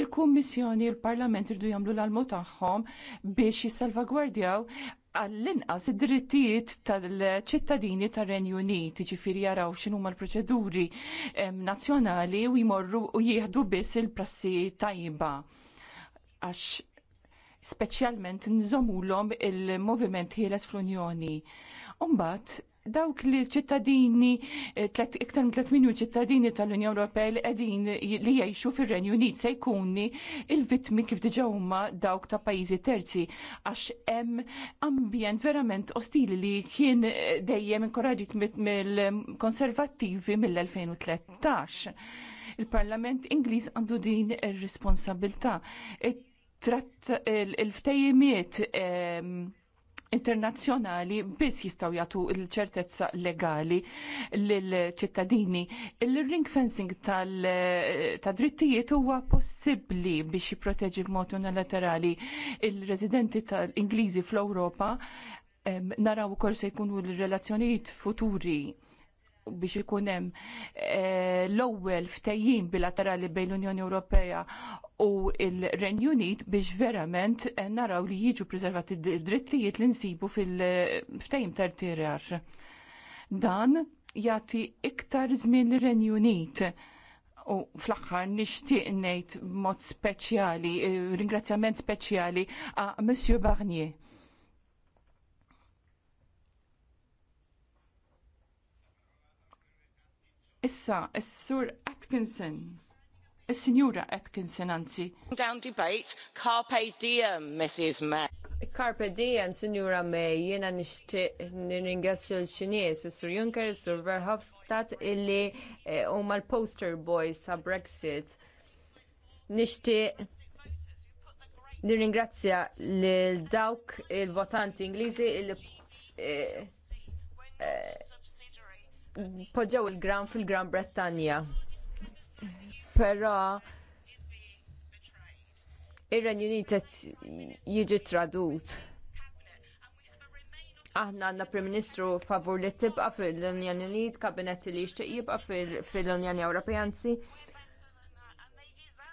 il-Kummissjoni il-Parlament irdu jagħmlu l-almu tagħhom biex jissalvagwardjaw għall-inqas id-drittijiet tal-ċittadini tar-Renju Unit, ġifiri jaraw x'inhuma l-proċeduri nazzjonali u jmorru u jieħdu biss il-prassi tajba. Għax speċjalment nżomulhom il-moviment ħieles fl-Unjoni Umbat, dawk li ċittadini, eh, iktar minn 300 ċittadini tal-Unjoni Ewropea li qegħdin li jgħixu fir-Renju Unit se jkunu il-vittmi kif diġà huma dawk ta' pajjiżi terzi għax hemm ambjent verament ostili li kien eh, dejjem inkoraġit mill-konservattivi mill-2013. Il-Parlament Ingliż għandu din ir-responsabilità. Il-ftejjimiet il ftejjimiet ehm, internazzjonali biss jistaw jagħtu l-ċertezza legali lill-ċittadini. Il-ring fencing tal-drittijiet huwa possibbli biex jipproteġi b'mod unilaterali il-residenti tal-Ingliżi fl-Ewropa naraw ukoll se jkunu l-relazzjonijiet futuri biex ikun hemm eh, l-ewwel ftehim bilaterali bejn l-Unjoni Ewropea u l-Renju Unit biex verament eh, naraw li jiġu preservati d-drittijiet li nsibu fil-ftehim tertirjar. Dan jagħti iktar żmien l-Renju Unit u fl-axħar nixtieq ngħid mod speċjali, eh, ringrazzjament speċjali a Monsieur Barnier Issa, is-sur Atkinson. Signora Atkinson anzi. Down debate, carpe diem, Mrs. May. Carpe diem, signora May, jena nishtiq nirringrazzju l-Ċinies, s sur Juncker, is-sur Verhofstadt, illi eh, huma l-poster boys ta' Brexit. Nishtiq nirringrazzja lil dawk il-votanti Ingliżi illi eh, eh, poġġew il-gram fil-Gran Brettanja. Però ir-Renju Unit jiġi tradut. Aħna għandna Prim Ministru favur li tibqa fil-Unjoni Unit, kabinet li jixtieq jibqa fil-Unjoni Ewropea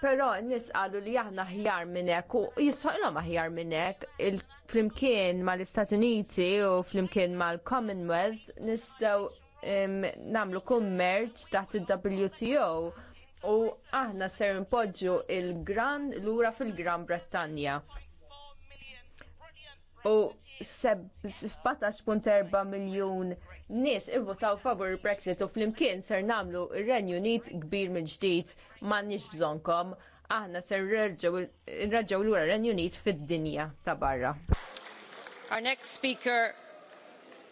Però n-nies qalu li aħna ħjar minn hekk u jisħolhom aħjar minn hekk flimkien mal-Istati Uniti u flimkien mal-Commonwealth nistgħu namlu kummerċ taħt il-WTO u aħna ser npoġġu il-Gran lura fil-Gran Brittanja. U 17.4 miljun nies ivvotaw favur il-Brexit u flimkien ser namlu il renju Unit kbir mill-ġdid m'għandniex bżonkom aħna ser nraġaw lura ir-Renju Unit fid-dinja ta' barra. Our next speaker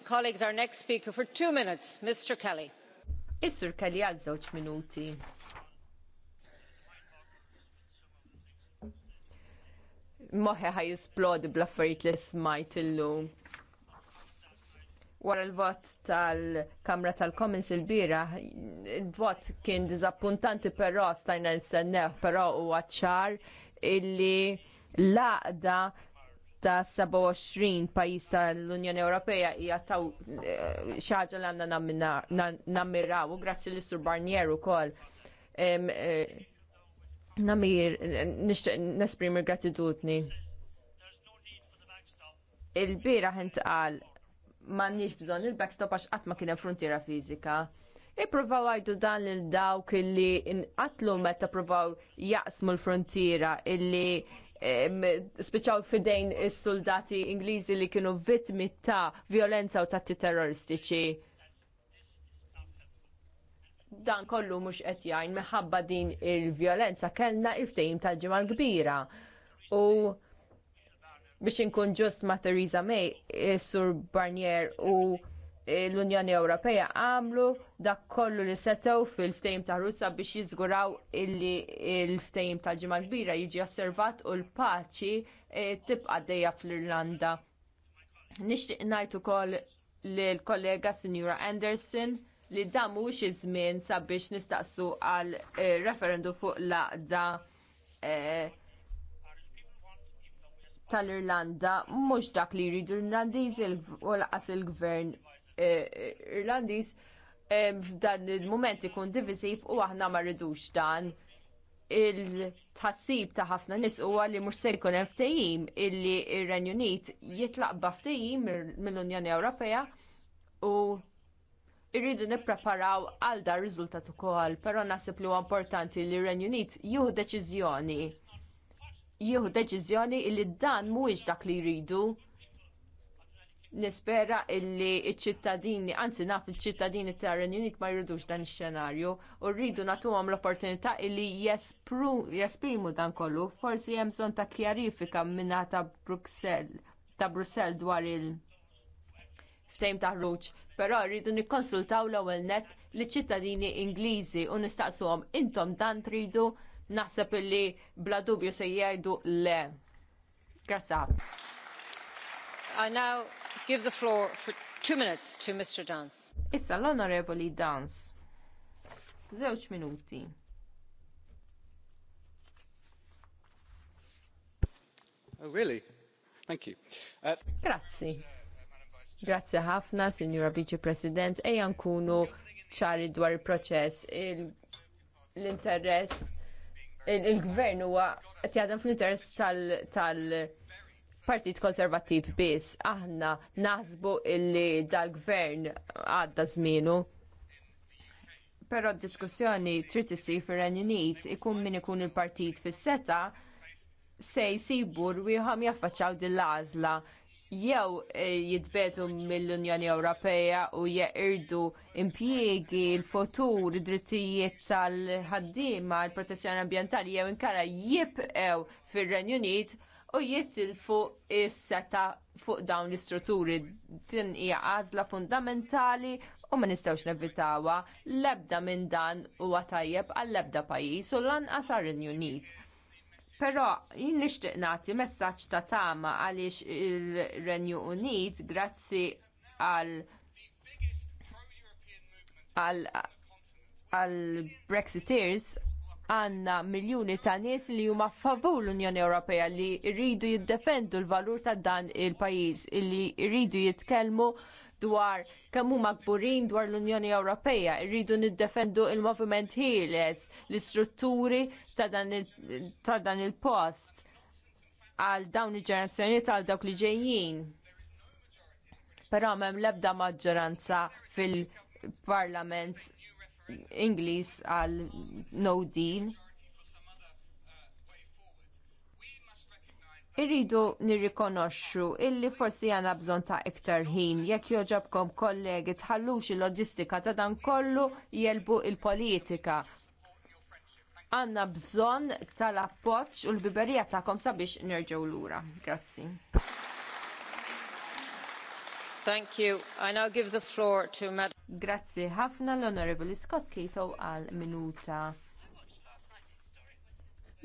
colleagues, our next speaker for two minutes, Mr. Kelly. Is-Sur Kelly għal żewġ minuti. Moħe ħaj jisplodi bl-affarijiet li smajt illum. Wara l-vot tal-Kamra tal-Commons il-bira, il-vot kien diżappuntanti però stajna nistennew, però huwa ċar illi laqda ta' 27 pajjiż tal-Unjoni Ewropea hija taw eh, xi ħaġa li għandna nammiraw u grazzi l sur Barnier ukoll. Eh, namir, nesprimi gratitudni. Il-bira qal: m'għandniex bżonn il-backstop għax qatt ma kien hemm frontiera fiżika. Ippruvaw għajdu dan lil dawk illi inqatlu meta provaw jaqsmu l-frontiera illi speċaw fidejn is-soldati Ingliżi li kienu vittmi ta' violenza u tatti terroristiċi. Dan kollu mhux qed jgħin minħabba din il-violenza kellna il-ftehim tal-ġimgħa kbira. U biex inkun ġust ma' Theresa May, eh, Sur Barnier u l-Unjoni Ewropea għamlu dak kollu li setgħu fil-ftejm ta' Russa biex jiżguraw illi l-ftejm tal ġimgħa kbira jiġi osservat u l-paċi eh, tibqa' dejja fl-Irlanda. Nixtieq ngħid ukoll lill kollega Sinjura Anderson li dan mhuwiex iż-żmien sabiex nistaqsu għal eh, referendum fuq l aqda eh, tal-Irlanda mhux dak li jridu l-Irlandiż u laqas il-gvern Eh, eh, Irlandiż eh, f'dan il-moment ikun divisiv u aħna ma rridux dan il-tħassib ta' ħafna nis huwa li mhux se jkun hemm ftehim illi r-Renju Unit jitlaqba ftehim mill-Unjoni Ewropea u irridu nippreparaw għal dar riżultat ukoll, però naħseb li huwa importanti li r-Renju Unit jieħu deċiżjoni jieħu deċiżjoni illi dan mhuwiex dak li jridu nispera illi ċ-ċittadini, anzi naf il-ċittadini tar Unit ma jridux dan ix-xenarju u rridu nagħtuhom l-opportunità illi jesprimu dan kollu. Forsi hemm bżonn ta' kjarifika minna ta' Bruxelles ta' Brussell dwar il- ftejm ta' ħruġ, però rridu nikkonsultaw l-ewwel net liċ ċittadini Ingliżi u nistaqsuhom intom dan tridu naħseb illi bla dubju se jgħidu le. Grazie. Give the floor for two minutes to Mr. Dance. Issa l-Onorevoli Dance. Żewġ minuti. Oh, really? Thank you. Uh... Grazie. Grazie ħafna, Signora Vice President. e jankunu ċari dwar il-proċess. L-interess, il-gvern huwa qed jaħdem fl-interess tal-, tal partit konservattiv biss aħna naħsbu illi dal-gvern għadda żmienu. Però d diskussjoni trid issir fir-Renju Unit ikun min ikun il-partit fis-seta se jsibu rwieħhom jaffaċċaw din l-għażla jew eh, jitbetu mill-Unjoni Ewropea u jeqirdu impjiegi l-futur, id-drittijiet tal-ħaddiema, l-protezzjoni ambjentali jew inkara jibqew fir-Renju Unit u jittilfu is-seta fuq dawn l-istrutturi din hija għażla fundamentali u ma nistgħux nevitawha l-ebda minn dan huwa tajjeb għall-ebda pajjiż u lanqas għar-Renju Unit. Però jien nixtieq nagħti messaġġ ta' tama għaliex il-Renju Unit grazzi għal għal għal Brexiteers għanna miljoni ta' nies li huma favur l-Unjoni Ewropea li rridu jiddefendu l-valur ta' dan il-pajjiż li rridu jitkellmu dwar kemm huma kburin dwar l-Unjoni Ewropea, rridu niddefendu l moviment Ħieles, l-istrutturi ta' dan il-post għal dawn il-ġenerazzjonijiet għal dawk li ġejjin. Però m'hemm l-ebda maġġoranza fil-Parlament Inglis għal no deal. Irridu nirrikonoxxu illi forsi għana bżon ta' iktar ħin jekk joġobkom kollegi tħallux il-loġistika ta' dan kollu jelbu il-politika. Għanna bżon tal-appoċ u l-biberija ta' kom sabiex nerġaw l-ura. Grazzi. Thank you. I now give the floor to Madam. Grazzi ħafna l-Onorevoli Scott Cato għal minuta.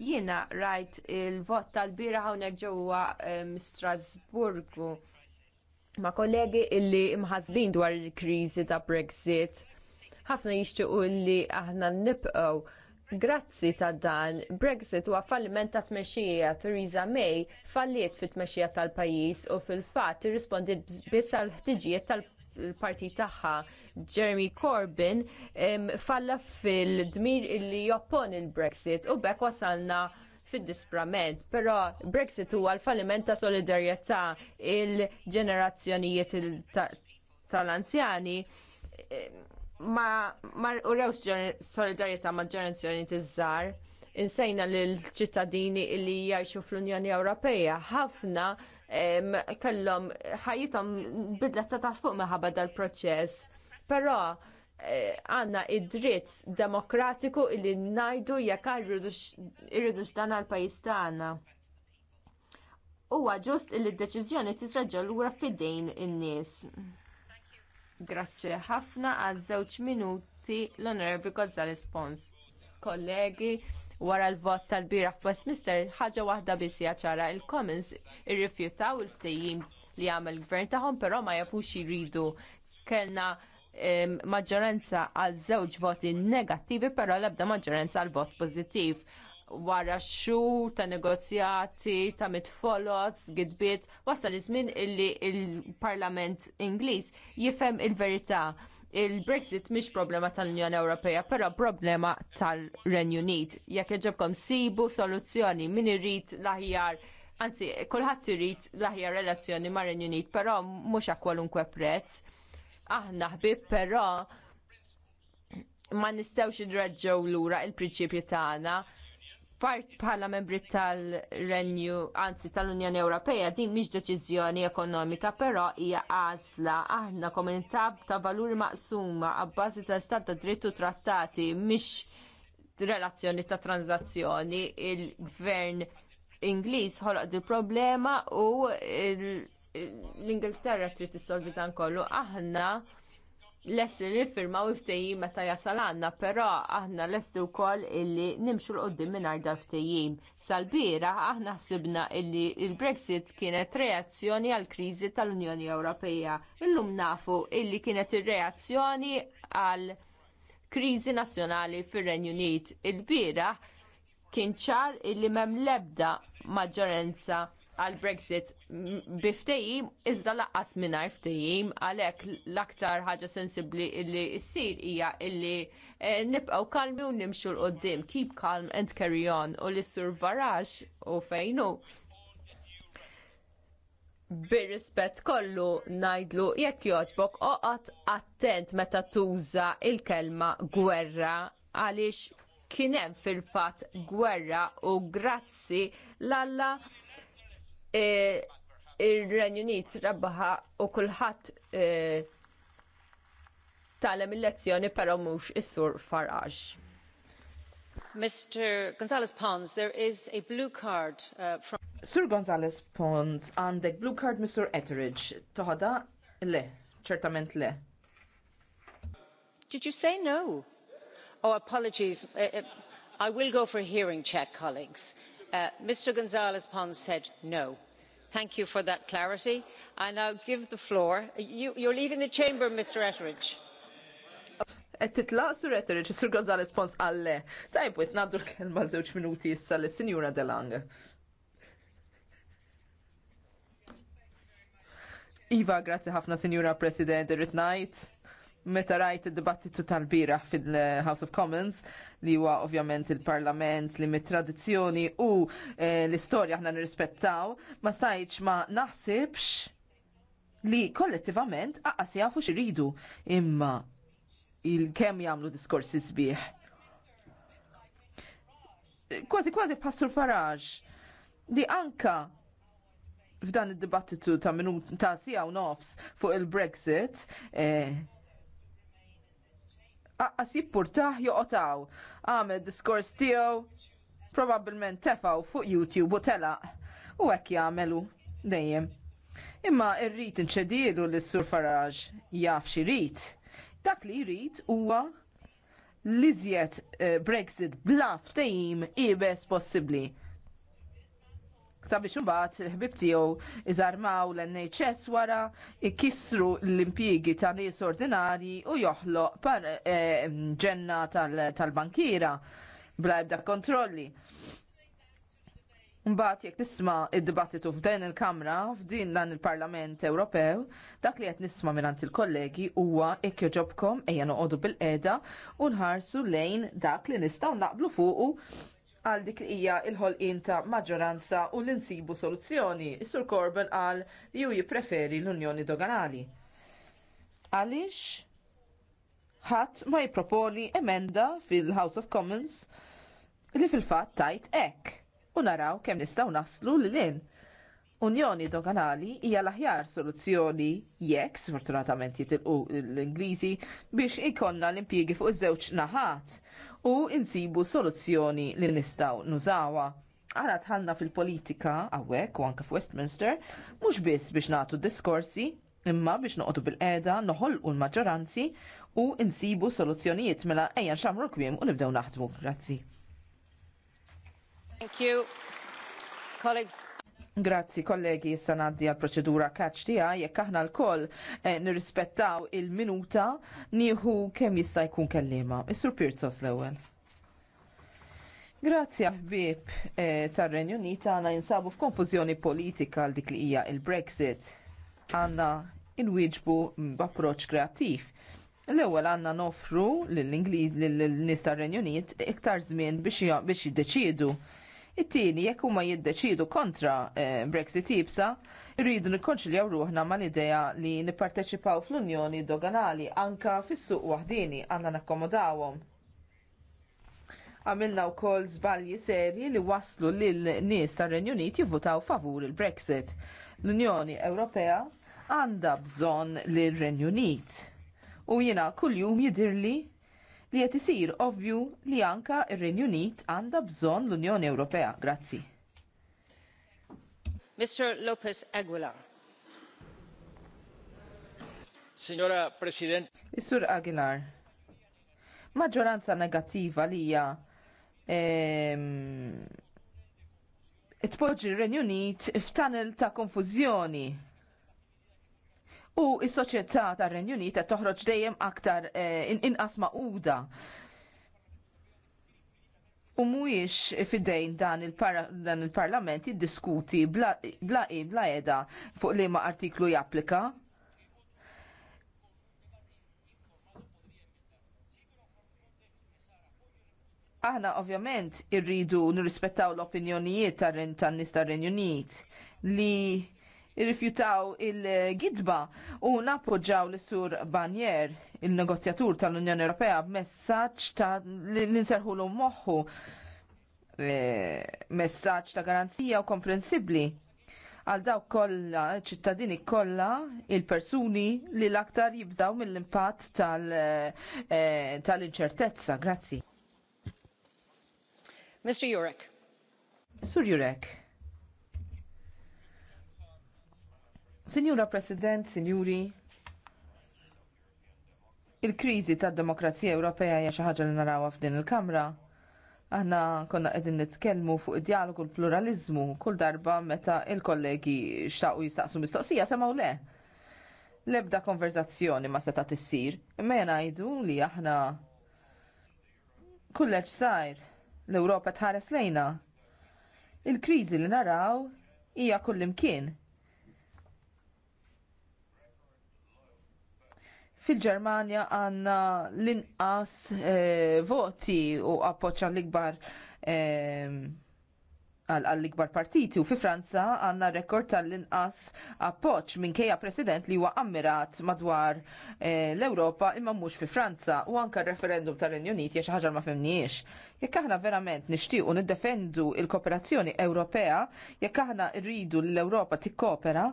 Jiena rajt il-vot tal-bira hawnhekk ġewwa ehm, Strasburgu ma' kollegi illi imħazbin dwar il-kriżi ta' Brexit ħafna jixtiequ li aħna nibqgħu Grazzi ta' dan, Brexit huwa falliment ta' tmexxija Theresa May falliet fit-tmexxija tal-pajjiż u fil-fatt irrispondiet biss għal ħtiġijiet tal parti tagħha. Jeremy Corbyn falla fil-dmir illi jopponi il-Brexit u bekk wasalna fid-disprament, però Brexit huwa l-falliment ta' solidarieta il-ġenerazzjonijiet tal-anzjani ma ma urewx solidarjetà ma' ġenerazzjoni tiż Insejna lil ċittadini li jgħixu fl-Unjoni Ewropea ħafna kellhom ħajjithom bidlet ta' fuq minħabba dal-proċess. Però eh, għanna id-dritt demokratiku li ngħidu jekk irridux dan għal pajjiż tagħna. Huwa ġust li d-deċiżjoni titraġġel lura fidejn in-nies. Grazzi ħafna għal żewġ minuti l-Onorevoli Gonzales Pons. Kollegi, wara l-vot tal-bira f'Westminster, ħaġa waħda biss hija ċara il-Commons irrifjutaw il-ftehim li għamel gvern tagħhom però ma jafux jiridu. Kellna maġġoranza għal żewġ voti negattivi, però l-ebda maġġoranza għal vot pożittiv wara xhur ta' negozjati, ta' mitfolot, gidbiet, wasal iż-żmien illi il-Parlament Ingliż jifhem il-verità. Il-Brexit mhix problema tal-Unjoni Ewropea, però problema tal-Renju Unit. Jekk iġobkom sibu soluzzjoni min irid l-aħjar Anzi, kulħadd irid l-aħjar relazzjoni mar renju Unit, però mhux a kwalunkwe prezz. Aħna ħbib però ma nistgħux idraġġew lura il-prinċipji tagħna part bħala membri tal-Renju, anzi tal-Unjoni Ewropea, din mhix deċiżjoni ekonomika, però hija għażla aħna komunità ta' valuri maqsuma għabbażi ta' stat ta' drittu trattati mhix relazzjoni ta' tranzazzjoni il-gvern Ingliż ħoloq di problema u l-Ingilterra trid issolvi dan kollu aħna lesti il-firma u ftejjim meta jasal għanna, però aħna lesti wkoll illi nimxu l-qoddim mingħajr dal-ftejjim. Salbira aħna ħsibna illi l brexit kienet reazzjoni għall kriżi tal-Unjoni Ewropea. Illum nafu illi kienet ir-reazzjoni għal kriżi nazzjonali fir-Renju Unit. Il-bira kien ċar illi m'hemm l-ebda għal Brexit biftejji, iżda laqqas minna ftehim għalhekk l-aktar ħaġa sensibbli illi ssir hija illi eh, nibqgħu kalmi u nimxu l qoddim keep calm and carry on u li sur varax u fejnu bir-rispett kollu ngħidlu jekk jogħġbok oqgħod attent meta tuża l kelma gwerra għaliex kien hemm fil-fatt gwerra u grazzi l-Alla E, il renju rabbaħa u kullħat e, talem il-lezzjoni pero mux is-sur Farage. Mr. Gonzalez Pons, there is a blue card uh, from Sur Gonzalez Pons, għandek blue card Mr. Etheridge. Toħda? Le, ċertament le. Did you say no? Oh, apologies. Uh, uh, I will go for a hearing check, colleagues. Uh, Mr gonzlez Pons said no. Thank you for that clarity. I now give the floor. you're leaving the chamber, Mr Etheridge. Qed titlaq sur Etheridge, sur Gonzalez Pons qal le. Tajb, wis nabdu l-kelma żewġ minuti issa lis sinjura Delang. Iva, grazzi ħafna, Sinjura President, irrid ngħid meta rajt id-dibattitu tal bira fil-House eh, of Commons li huwa ovvjament il-parlament li mit-tradizzjoni u eh, l-istorja aħna nirrispettaw, ma stajċ ma naħsibx li kollettivament aqas jafu xiridu imma il-kem jamlu diskorsi sbieħ. Kważi kważi l faraġ li anka f'dan id-dibattitu ta' minut ta' sija u nofs fuq il-Brexit, eh, Aqqas jippurtaħ joqotaw. Għamel diskors tiegħu probabbilment tefaw fuq YouTube u telaq. U hekk jagħmelu dejjem. Imma rrid nċedilu lis sur Farage jaf xi Dak li jrid huwa l-iżjed eh, Brexit bla ftehim ibes possibbli sakta biex imbagħad il-ħbib tiegħu iżarmaw l-NHS wara ikissru l-impjiegi ta' nies ordinari u joħloq eh, ġenna tal-bankira bla jibda kontrolli. Mbagħad jekk tisma' id-dibattitu f'din il-Kamra, f'din dan il-Parlament Ewropew, dak li qed nisma' mingħand il-kollegi huwa jekk joġobkom ejja noqogħdu bil-qeda u nħarsu lejn dak li nistgħu naqblu fuqu għal dik li hija l-ħolqien ta' maġġoranza u l-insibu soluzzjoni. sur Corbyn qal li ju jippreferi l-Unjoni Doganali. Għaliex ħadd ma jipproponi emenda fil-House of Commons li fil-fatt tajt hekk u naraw kemm nistgħu naslu lil in. Unjoni doganali hija l-aħjar soluzzjoni jekk sfortunatament jitilqu l-Ingliżi biex ikonna l-impjiegi fuq iż-żewġ naħat u insibu soluzzjoni li nistgħu nużawha. Għala tħallna fil-politika hawnhekk u anke f'Westminster mhux biss biex nagħtu diskorsi imma biex noqogħdu bil-qeda noħolqu l-maġġoranzi u insibu soluzzjonijiet mela ejja nxamru kwiem u nibdew naħdmu. Grazzi. Thank you. Colleagues, Grazzi kollegi, issa naddi għal proċedura kaċ tija, jekk aħna l-koll eh, nirrispettaw il-minuta nieħu kemm jista' jkun kellima. Is-Sur Pirzos l-ewwel. Grazzi ħbib eh, tar-Renju Unit għana jinsabu f'konfużjoni politika għal dik li hija il-Brexit. Għanna inwieġbu b'approċċ kreattiv. L-ewwel għandna nofru lill-Ingliż lill-nies tar-Renju Unit iktar żmien biex jiddeċiedu. It-tieni jekk huma jiddeċidu kontra eh, Brexit ibsa, rridu nikkonċiljaw ruħna mal-idea li nipparteċipaw fl-Unjoni Doganali anka fis-suq waħdini għandna nakkomodawhom għamilna u kol zbalji serji li waslu l-nis tar renju Unit jivvutaw favur il-Brexit. L-Unjoni Ewropea għanda bżon l renju Unit. U jina kull jum jidirli li qed isir ovvju li anka ir-Renju Unit għandha bżonn l-Unjoni Ewropea. Grazzi. Mr. Lopez Aguilar. Signora President. Isur Aguilar. Maġġoranza negattiva li hija ehm, tpoġġi r-Renju Unit f'tanil ta' konfużjoni u s-soċjetà tar-Renju Unit qed toħroġ dejjem aktar eh, inqas maquda. U mhuwiex fidejn dan il-Parlament jiddiskuti bla bla qiegħda fuq liema artiklu japplika. Aħna ovvjament irridu nirrispettaw l-opinjonijiet tan-nies tar-Renju Unit li irrifjutaw il-gidba u nappoġġaw l sur Banjer, il-negozjatur tal-Unjoni Ewropea, b'messaġġ ta' l-inserħu moħħu eh, messaġġ ta' garanzija u komprensibbli għal dawk kolla ċittadini kollha il-persuni li l-aktar jibżaw mill-impatt eh, tal-inċertezza. Grazzi. Mr. Jurek. Sur Jurek. Sinjura President, Sinjuri, il-kriżi tad-demokrazija Ewropea hija xi ħaġa li narawha f'din il-Kamra. Aħna konna qegħdin nitkellmu fuq id-dialogu l-pluralizmu kull darba meta il-kollegi xtaqu jistaqsu mistoqsija semgħu le. L-ebda konverzazzjoni ma seta' tissir, imma jgħidu li aħna kulleġ sajr l-Ewropa tħares lejna. Il-kriżi li naraw hija kullimkien Fil-Ġermanja għanna l-inqas eh, voti u appoċa l-ikbar għall-ikbar eh, partiti u fi Franza għanna rekord tal-inqas appoċ minkejja president li huwa ammirat madwar eh, l-Ewropa imma mhux fi Franza u anka referendum tal-Renju Uniti xi ħaġa ma femniex. Jekk aħna verament nixtiequ niddefendu il-kooperazzjoni Ewropea, jekk aħna rridu l-Ewropa tikkopera,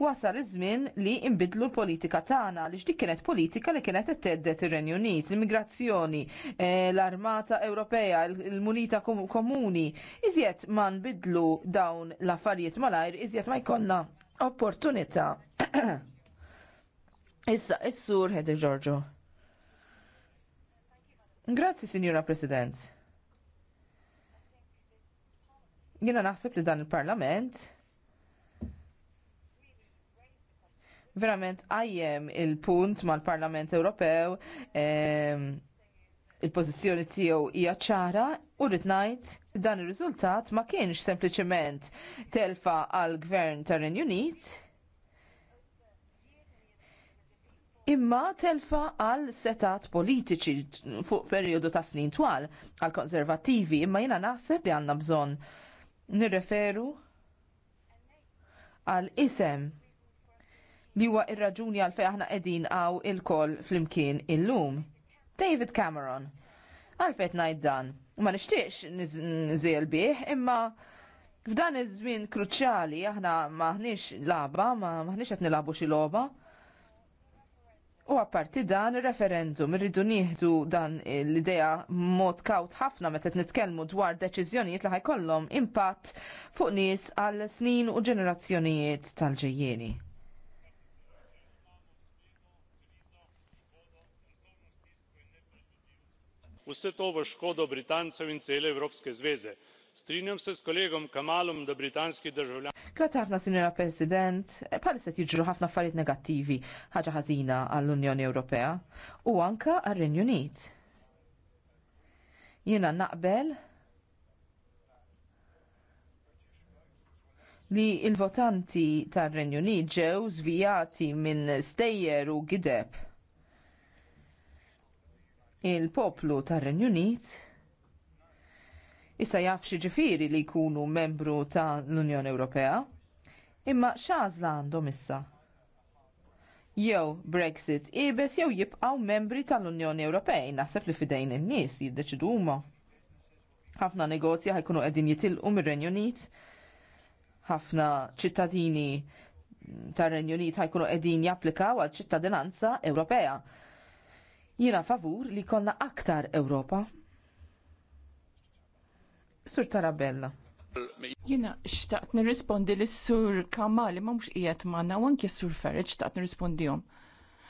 wasal iż-żmien li imbidlu l-politika tagħna li dik kienet politika li kienet etteddet ir-Renju Unit, l-immigrazzjoni, eh, l-Armata Ewropea, l-Munita Komuni. Iżjed ma nbidlu dawn l-affarijiet malajr, iżjed ma jkollna opportunità. Issa, is-sur Hedi Giorgio. Grazzi, Signora President. Jiena naħseb li dan il-Parlament verament għajjem il-punt mal-Parlament Ewropew il-pozizjoni tiegħu hija ċara u rrid ngħid dan ir-riżultat ma kienx sempliċement telfa għall gvern tar-Renju Unit imma telfa għal setat politiċi fuq perjodu ta' snin twal għal konservattivi imma jiena naħseb li għandna bżonn nirreferu għal isem li huwa ir-raġuni għal fejn aħna qegħdin għaw il-koll flimkien illum. David Cameron. Għalfejn ngħid dan. Ma nixtieqx niżel bih, imma f'dan iż-żmien kruċjali aħna maħniex laba, ma maħniex qed nilabu xi logħba. U apparti dan il-referendum, irridu nieħdu dan l-idea mod kaut ħafna meta nitkellmu dwar deċiżjonijiet li ħajkollhom impatt fuq nies għal snin u ġenerazzjonijiet tal-ġejjieni. vse to v škodo britancev in cele evropske zveze. strinjam se s kolegom kamalom da britanski državljan. Grazie ħafna, Sinjora President. se tiġru ħafna affarijiet negattivi ħaġa ħażina għall-Unjoni Ewropea u anka għar-Renju Unit. Jiena naqbel li il-votanti tar renju Unit ġew żvijati minn stejjer u gideb il-poplu tar-Renju Unit issa jaf ġifieri li jkunu membru ta' l-Unjoni Ewropea. Imma x'għażla għandhom issa? Jew Brexit ibes jew jibqgħu membri tal-Unjoni Ewropej naħseb li fidejn in-nies jiddeċidu huma. Ħafna negozja ħajkunu qegħdin jitilqu mir-Renju Unit, ħafna ċittadini tar-Renju Unit ħajkunu qegħdin japplikaw għal ċittadinanza Ewropea Jiena favur li konna aktar Ewropa. Sur Tarabella. Jina xtaqt nirrispondi li sur Kamali ma mux ijet manna, u anke sur Ferreġ xtaqt jom.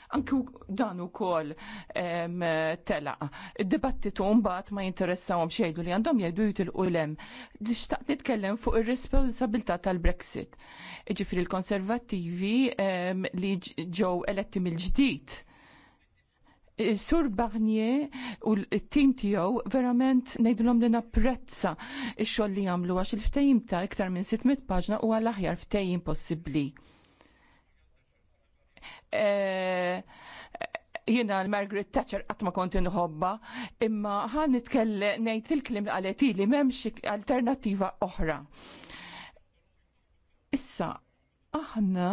Anke dan u kol telaq. Id-dibattitu mbagħad ma jinteressawhom xejdu li għandhom jgħidu jitilqu lem. Xtaqt nitkellem fuq ir responsabilta tal-Brexit. Ġifri l-konservattivi li ġew eletti mill-ġdid Sur Barnier u l-tim tiegħu verament ngħidulhom li napprezza x-xogħol li għamlu għax il-ftehim ta' iktar minn 600 paġna huwa l-aħjar ftehim possibbli. Jena jiena l-Margaret Thatcher qatt ma nħobba, imma ħan nitkelle ngħid fil-klim għaleti li m'hemmx alternattiva oħra. Issa aħna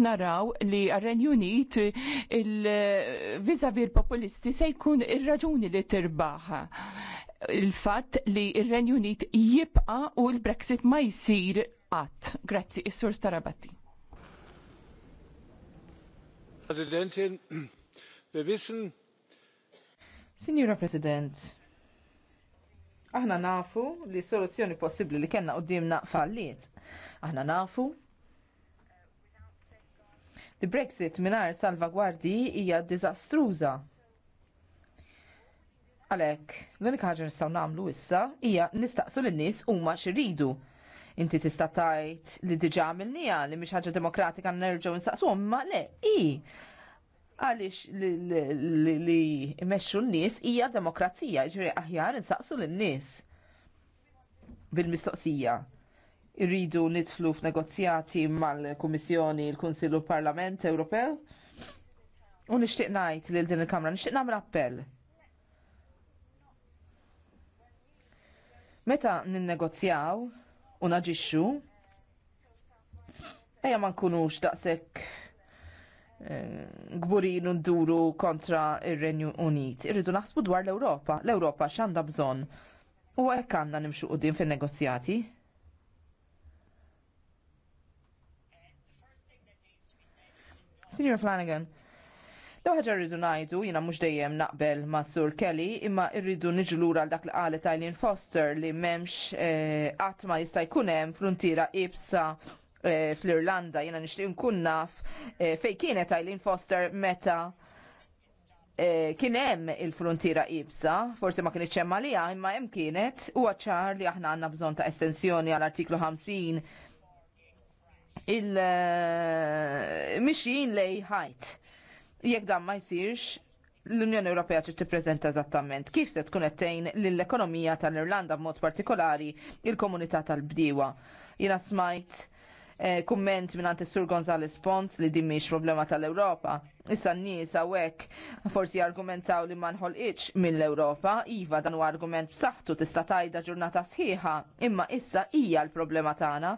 naraw li għar-Renju Unit il vizavir populisti se jkun ir-raġuni li tirbaħ il-fatt li il renju Unit jibqa u l-Brexit ma jsir qatt. Grazzi, is-Sur Starabatti. Presidentin, vi wissen. Signora President, aħna nafu li soluzzjoni possibbli li kellna qudiemna falliet. Aħna nafu Li Brexit mingħajr salvagwardji hija diżastruża. Għalhekk, l-unika ħaġa nistgħu nagħmlu issa hija nistaqsu lin-nies huma x'iridu. Inti tista' tgħid li diġà għamilniha li mhix ħaġa demokratika nerġgħu nistaqsuhom, ma le, i għaliex li jmexxu n-nies hija demokrazija, ġifieri aħjar insaqsu lin-nies bil-mistoqsija irridu nidħlu f'negozjati mal-Kummissjoni, il-Kunsill u l-Parlament Ewropew. U nixtieq ngħid lil din il-Kamra, nixtieq nagħmel appell. Meta ninnegozjaw u naġixxu, ejja ma nkunux daqshekk eh, gburin u nduru kontra r renju Unit. Irridu naħsbu dwar l-Ewropa. L-Ewropa x'għandha bżonn. U hekk għandna nimxu qudiem fin-negozjati. Sinjora Flanagan, Jew ħagġa rridu ngħidu, jiena mhux dejjem naqbel ma' Sur Kelly, imma rridu niġu lura għal dak li qalet Eileen Foster li m'hemmx eh, qatt ma jista' jkun hemm fruntiera ibsa eh, fl-Irlanda jiena nixtieq nkun naf eh, kienet Eileen Foster meta kien hemm il fruntira ibsa, forsi ma kienx hemm għalija, imma hemm kienet huwa ċar li aħna għandna bżonn ta' estensjoni għall-artiklu 50 il-mixjien eh, lej ħajt. Jekk dan ma jsirx, l-Unjoni Ewropea trid tippreżenta eżattament kif se tkun qedtejn lill-ekonomija tal-Irlanda b'mod partikolari il-komunità tal-bdiewa. Jiena smajt eh, kumment minn is-Sur Gonzales Pons li din mhix problema tal-Ewropa, Issa n-nies hawnhekk forsi argumentaw li ma iċ mill-Ewropa, iva dan huwa argument b'saħħtu tista' tajda ġurnata sħiħa, imma issa hija l-problema tagħna.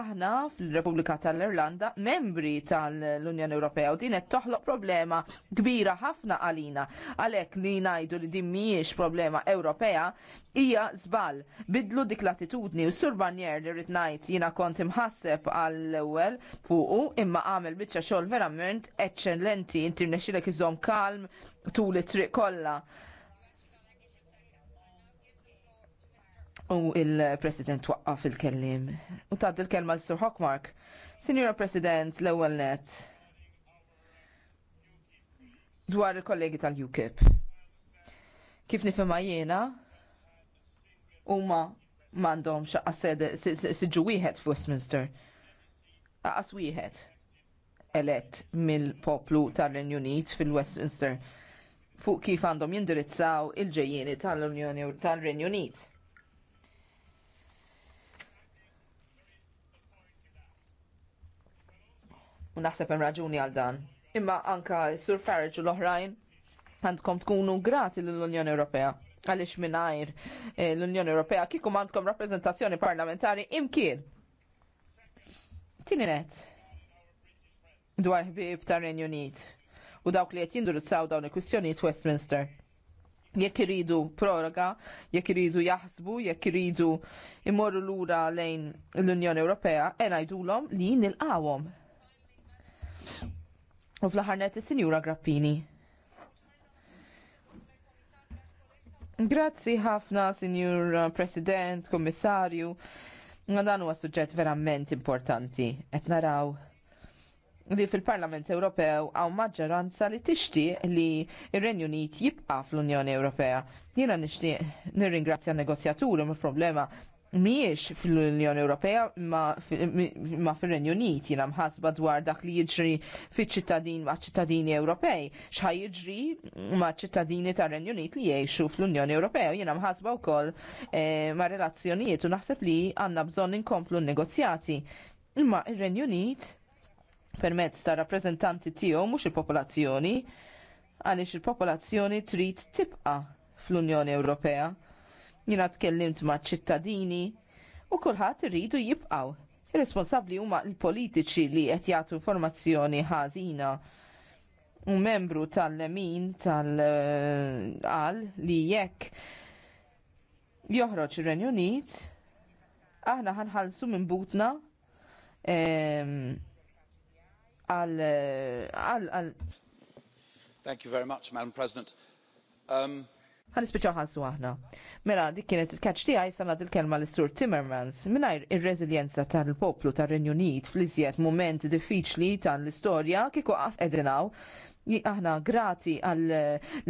Aħna fil-Repubblika tal-Irlanda membri tal-Unjoni Ewropea u din qed toħloq problema kbira ħafna għalina. Għalhekk li ngħidu li din mhijiex problema Ewropea hija żball. Bidlu dik l-attitudni u Sur li rrid ngħid jiena kont imħasseb għall-ewwel fuqu imma għamel biċċa xogħol verament eċċellenti inti inti rnexxilek iżom kalm tu li triq kolla. U il-President waqqaf il-kellim. U tad il-kelma l-Sur Hockmark. Signora President, l ewwel net. Dwar il-kollegi tal-UKIP. Kif nifhimha jiena, huma m'għandhom xaqqa s siġu wieħed f'Westminster. Aqas wieħed elett mill-poplu tal-Renju Unit fil-Westminster fuq kif għandhom jindirizzaw il-ġejjieni tal-Unjoni tal-Renju Unit. U naħseb hemm raġuni għal dan. Imma anka Sur Farage u l-oħrajn għandkom tkunu grati l-Unjoni Ewropea għaliex mingħajr eh, l-Unjoni Ewropea kieku għandkom rappreżentazzjoni parlamentari imkien. Tini net dwar ħbieb tar renju Unit u dawk li qed jindurizzaw dawn il-kwistjonijiet Westminster. Jekk iridu proroga, jekk iridu jaħsbu, jekk iridu imorru lura lejn l-Unjoni Ewropea, e ngħidulhom li nilqawhom. U fl-aħħar net is-Sinjura Grappini. Grazzi ħafna, Sinjur President, Kommissarju. Dan huwa suġġett verament importanti. Qed naraw li fil-Parlament Ewropew għaw maġġoranza li tixtieq li ir-Renju Unit jibqa' fl-Unjoni Ewropea. Jiena nixtieq nirringrazzja n-negozjaturi ma' problema miex fil-Unjoni Ewropea ma fil-Renju Unit jina mħasba dwar dak li jiġri fiċ ċittadin ma' ċittadini Ewropej. Xħa jiġri ma' ċittadini ta' Renju Unit li jiexu fl-Unjoni Ewropea. Jina mħasba u koll eh, ma' relazzjonijiet u naħseb li għanna bżon inkomplu n negozjati. Imma il-Renju Unit permezz ta' rappreżentanti tiegħu mhux il-popolazzjoni għaliex il-popolazzjoni trid tibqa' fl-Unjoni Ewropea. Jiena tkellimt ma' ċittadini u kulħadd irridu jibqgħu. Ir-responsabbli huma l-politiċi li qed jagħtu informazzjoni ħażina u membru tal-lemin tal-qal li jekk joħroġ ir-Renju Unit aħna ħanħallsu minn butna ehm, għal. Thank you very much, Madam President. Um, ħanispiċaw ħansu aħna. Mela, dik kienet il-kaċ tiegħi sanad il-kelma l-Sur Timmermans mingħajr ir-reżiljenza tal-poplu tar-Renju Unit fl-iżjed mument diffiċli tal-istorja kieku qas edinaw aħna grati għal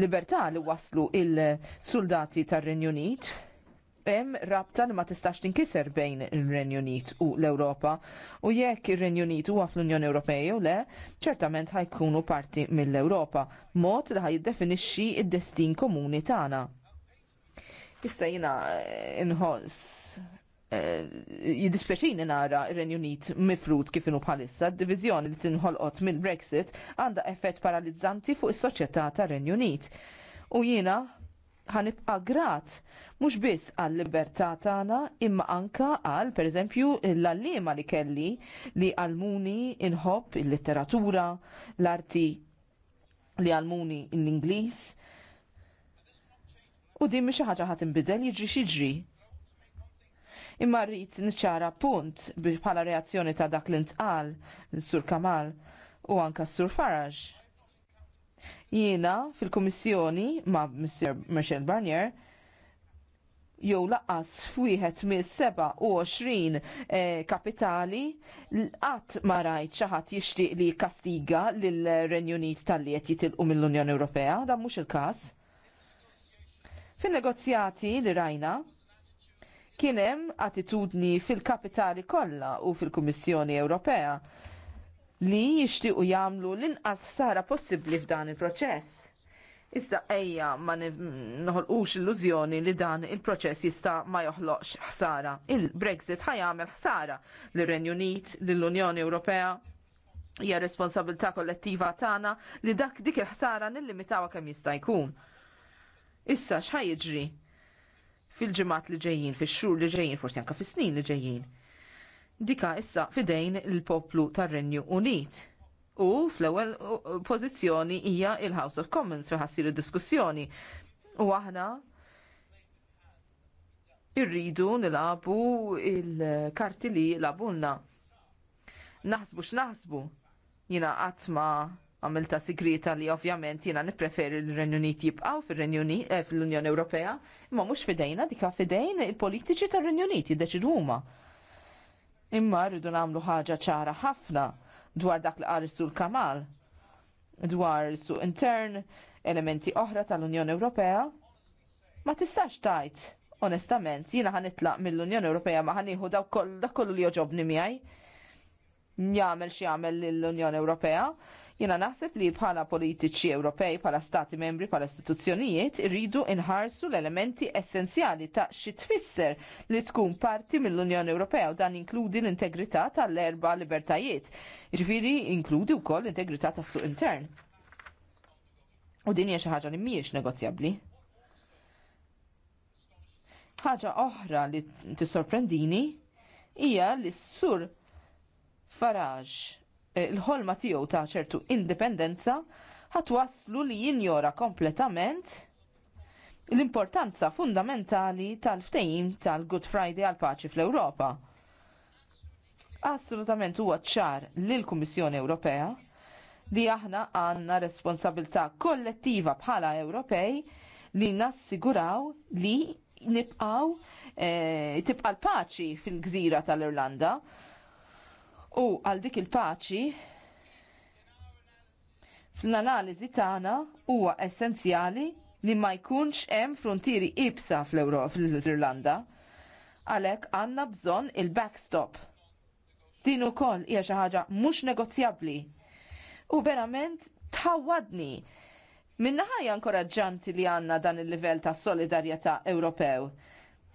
libertà li waslu il-soldati tar-Renju Unit hemm rabta li ma tistax tinkiser bejn ir-Renju Unit u l-Ewropa. U jekk ir-Renju Unit huwa fl-Unjoni Ewropea u le, ċertament ħajkunu parti mill-Ewropa, mod li ħajiddefinixxi id-destin komuni tagħna. Issa jiena eh, inħoss eh, jiddispjaċini nara ir-Renju Unit mifrut kif bħalissa, d divizjoni li tinħolqot mill-Brexit għandha effett paralizzanti fuq is-soċjetà tar-Renju Unit. U jiena ħanibqa grat mhux biss għal libertà tagħna imma anka għal pereżempju l-allima li kelli li għalmuni inħobb il-litteratura, l-arti li għalmuni l-Ingliż. U din xi ħaġa ħadd inbidel jiġri xiġri. Imma rrid niċċara punt bħala reazzjoni ta' dak li ntqal sur Kamal u anka sur Farage Jiena fil-Kummissjoni ma' Mr. Michel Barnier jew laqqas f'wieħed mill u għoxrin eh, kapitali qatt ma rajt xi ħadd jixtieq li jikkastiga lil Renju Unit tal qed jitilqu mill-Unjoni Ewropea, dan mhux il-każ. Fin-negozjati li rajna kien hemm attitudni fil-kapitali kollha u fil-Kummissjoni Ewropea li jixtiequ jagħmlu l-inqas ħsara possibbli f'dan il-proċess. Iżda ejja ma noħolqux illużjoni li dan il-proċess jista' ma joħloqx ħsara. Il-Brexit ħajamel ħsara lir renju Unit, lill-Unjoni Ewropea, hija responsabilità kollettiva tagħna li dak dik il-ħsara nillimitawha kemm jista' jkun. Issa x'ħaj jiġri fil-ġimgħat li ġejjin, fix-xhur li ġejjin, forsi anke fis-snin li ġejjin dika issa fidejn il-poplu tar-Renju Unit. U fl-ewwel pożizzjoni hija il-House of Commons fi ħassir id-diskussjoni. U aħna irridu nilabu il-karti li labunna. Naħsbu x'naħsbu. Jina għatma għamilta sigrita li ovvjament jina nipreferi l-Renju Unit jibqaw fil-Renju unjoni eh, Ewropea, imma mhux fidejna dika fidejn il-politiċi tar-Renju Unit jiddeċidu huma. Imma rridu nagħmlu ħaġa ċara ħafna dwar dak li qari sur kamal dwar suq intern, elementi oħra tal-Unjoni Ewropea. Ma tistax tajt, onestament, jina ħanitlaq mill-Unjoni Ewropea ma ħaniħu dak kollu li joġobni miegħi. Jagħmel xi jagħmel lill-Unjoni Ewropea Jena naħseb li bħala politiċi Ewropej, bħala stati membri, bħala istituzzjonijiet, irridu inħarsu l-elementi essenzjali ta' xi tfisser li tkun parti mill-Unjoni Ewropea u dan inkludi l-integrità tal-erba libertajiet. Ġifiri inkludi wkoll l-integrità tas-suq intern. U din hija xi ħaġa li mhijiex negozjabbli ħaġa oħra li tisorprendini hija li s-sur Farage l-ħolma tiegħu ta' ċertu indipendenza ħatwaslu li jinjora kompletament l-importanza fundamentali tal-ftehim tal-Good Friday għal paċi fl-Ewropa. Assolutament huwa ċar lill kummissjoni Ewropea li aħna għandna responsabilità kollettiva bħala Ewropej li nassiguraw li nibqaw e, eh, tibqa l-paċi fil-gżira tal-Irlanda U għal dik il-paċi fl-analiżi tagħna huwa essenzjali li ma jkunx hemm frontieri ibsa fl-Irlanda. Għalhekk għandna bżonn il-backstop. Din ukoll hija xi ħaġa mhux negozjabbli. U verament tħawadni Minna ħajja inkoraġġanti li għanna dan il-livell ta' solidarjetà Ewropew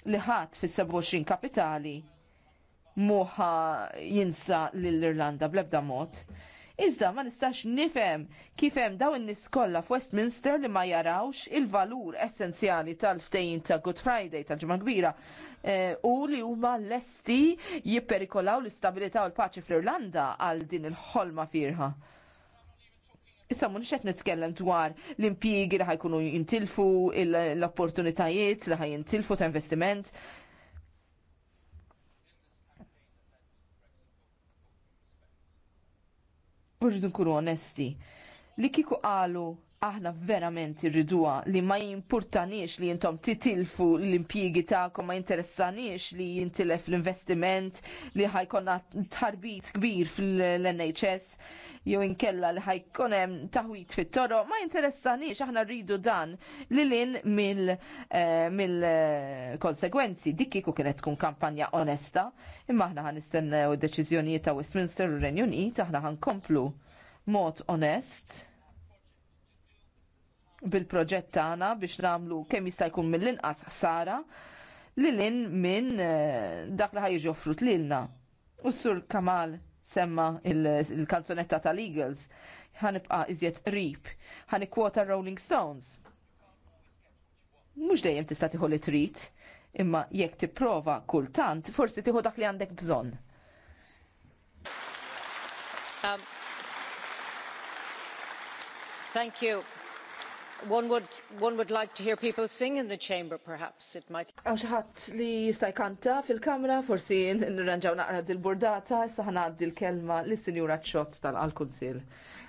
li ħadd fis-27 kapitali moħa jinsa lill-Irlanda bl-ebda mod. Iżda ma nistax nifhem kif hemm daw in-nies kollha f'Westminster li ma jarawx il-valur essenzjali tal-ftehim ta' Good Friday ta' ġimgħa kbira eh, u li huma lesti jipperikolaw l-istabilità u l-paċi fl-Irlanda għal din il-ħolma firħa. Issa mun qed nitkellem dwar l-impjiegi li ħajkunu jintilfu, l-opportunitajiet li ħajintilfu ta' investiment. Urridu nkunu onesti. Li kiku qalu aħna verament irriduha li ma jimpurtanix li jintom titilfu l-impjigi ta'kom ma jinteressanix li jintilef l-investiment li ħajkonna tarbit kbir fl nhs jew inkella li ħajkun hemm taħwit fit-toro ma jinteressanix aħna rridu dan li lin mill-konsegwenzi eh, eh, dik kieku kienet tkun kampanja onesta imma aħna ħanistennew id-deċiżjonijiet ta' Westminster u Renju Unit aħna ħankomplu mod onest bil-proġett tagħna biex nagħmlu kemm jista' jkun mill-inqas ħsara lilin minn eh, dak li ħajġi offrut lilna. U sur Kamal semma il-kanzonetta il tal-Eagles. Ħanibqa iżjed rip. Ħanikwota Rolling Stones. Mhux dejjem tista' tiħu li trit, imma jekk tipprova kultant, forsi tieħu dak li għandek bżonn. Um, thank you one would like to hear people sing in the chamber perhaps it might Għaw ħadd li jista' jkanta fil-kamra forsi nirranġaw naqra dil-burdata issa ħanaddi l-kelma lis-Sinjura Ċott tal-Kunsill.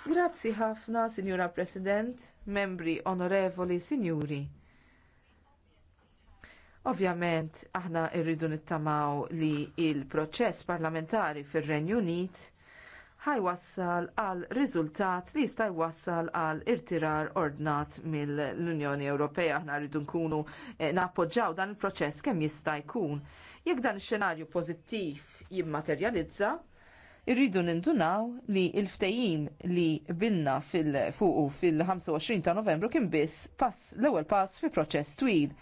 Grazzi ħafna, Sinjura President, membri onorevoli, Sinjuri. Ovvjament, aħna rridu nittamaw li il-proċess parlamentari fir-Renju Unit ħajwassal għal riżultat li jista' jwassal għal irtirar ordnat mill-Unjoni Ewropea. Aħna rridu nkunu eh, nappoġġaw dan il-proċess kemm jista' jkun. Jekk dan ix-xenarju pożittiv jimmaterjalizza, irridu nindunaw li il-ftejim li bilna fil-fuqu fil-25 ta' novembru kien biss pass l-ewwel pass fi proċess twil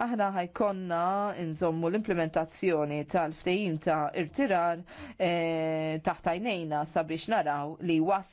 aħna ħajkonna nżommu l-implementazzjoni tal-ftehim ta' irtirar e, taħt għajnejna sabiex naraw li was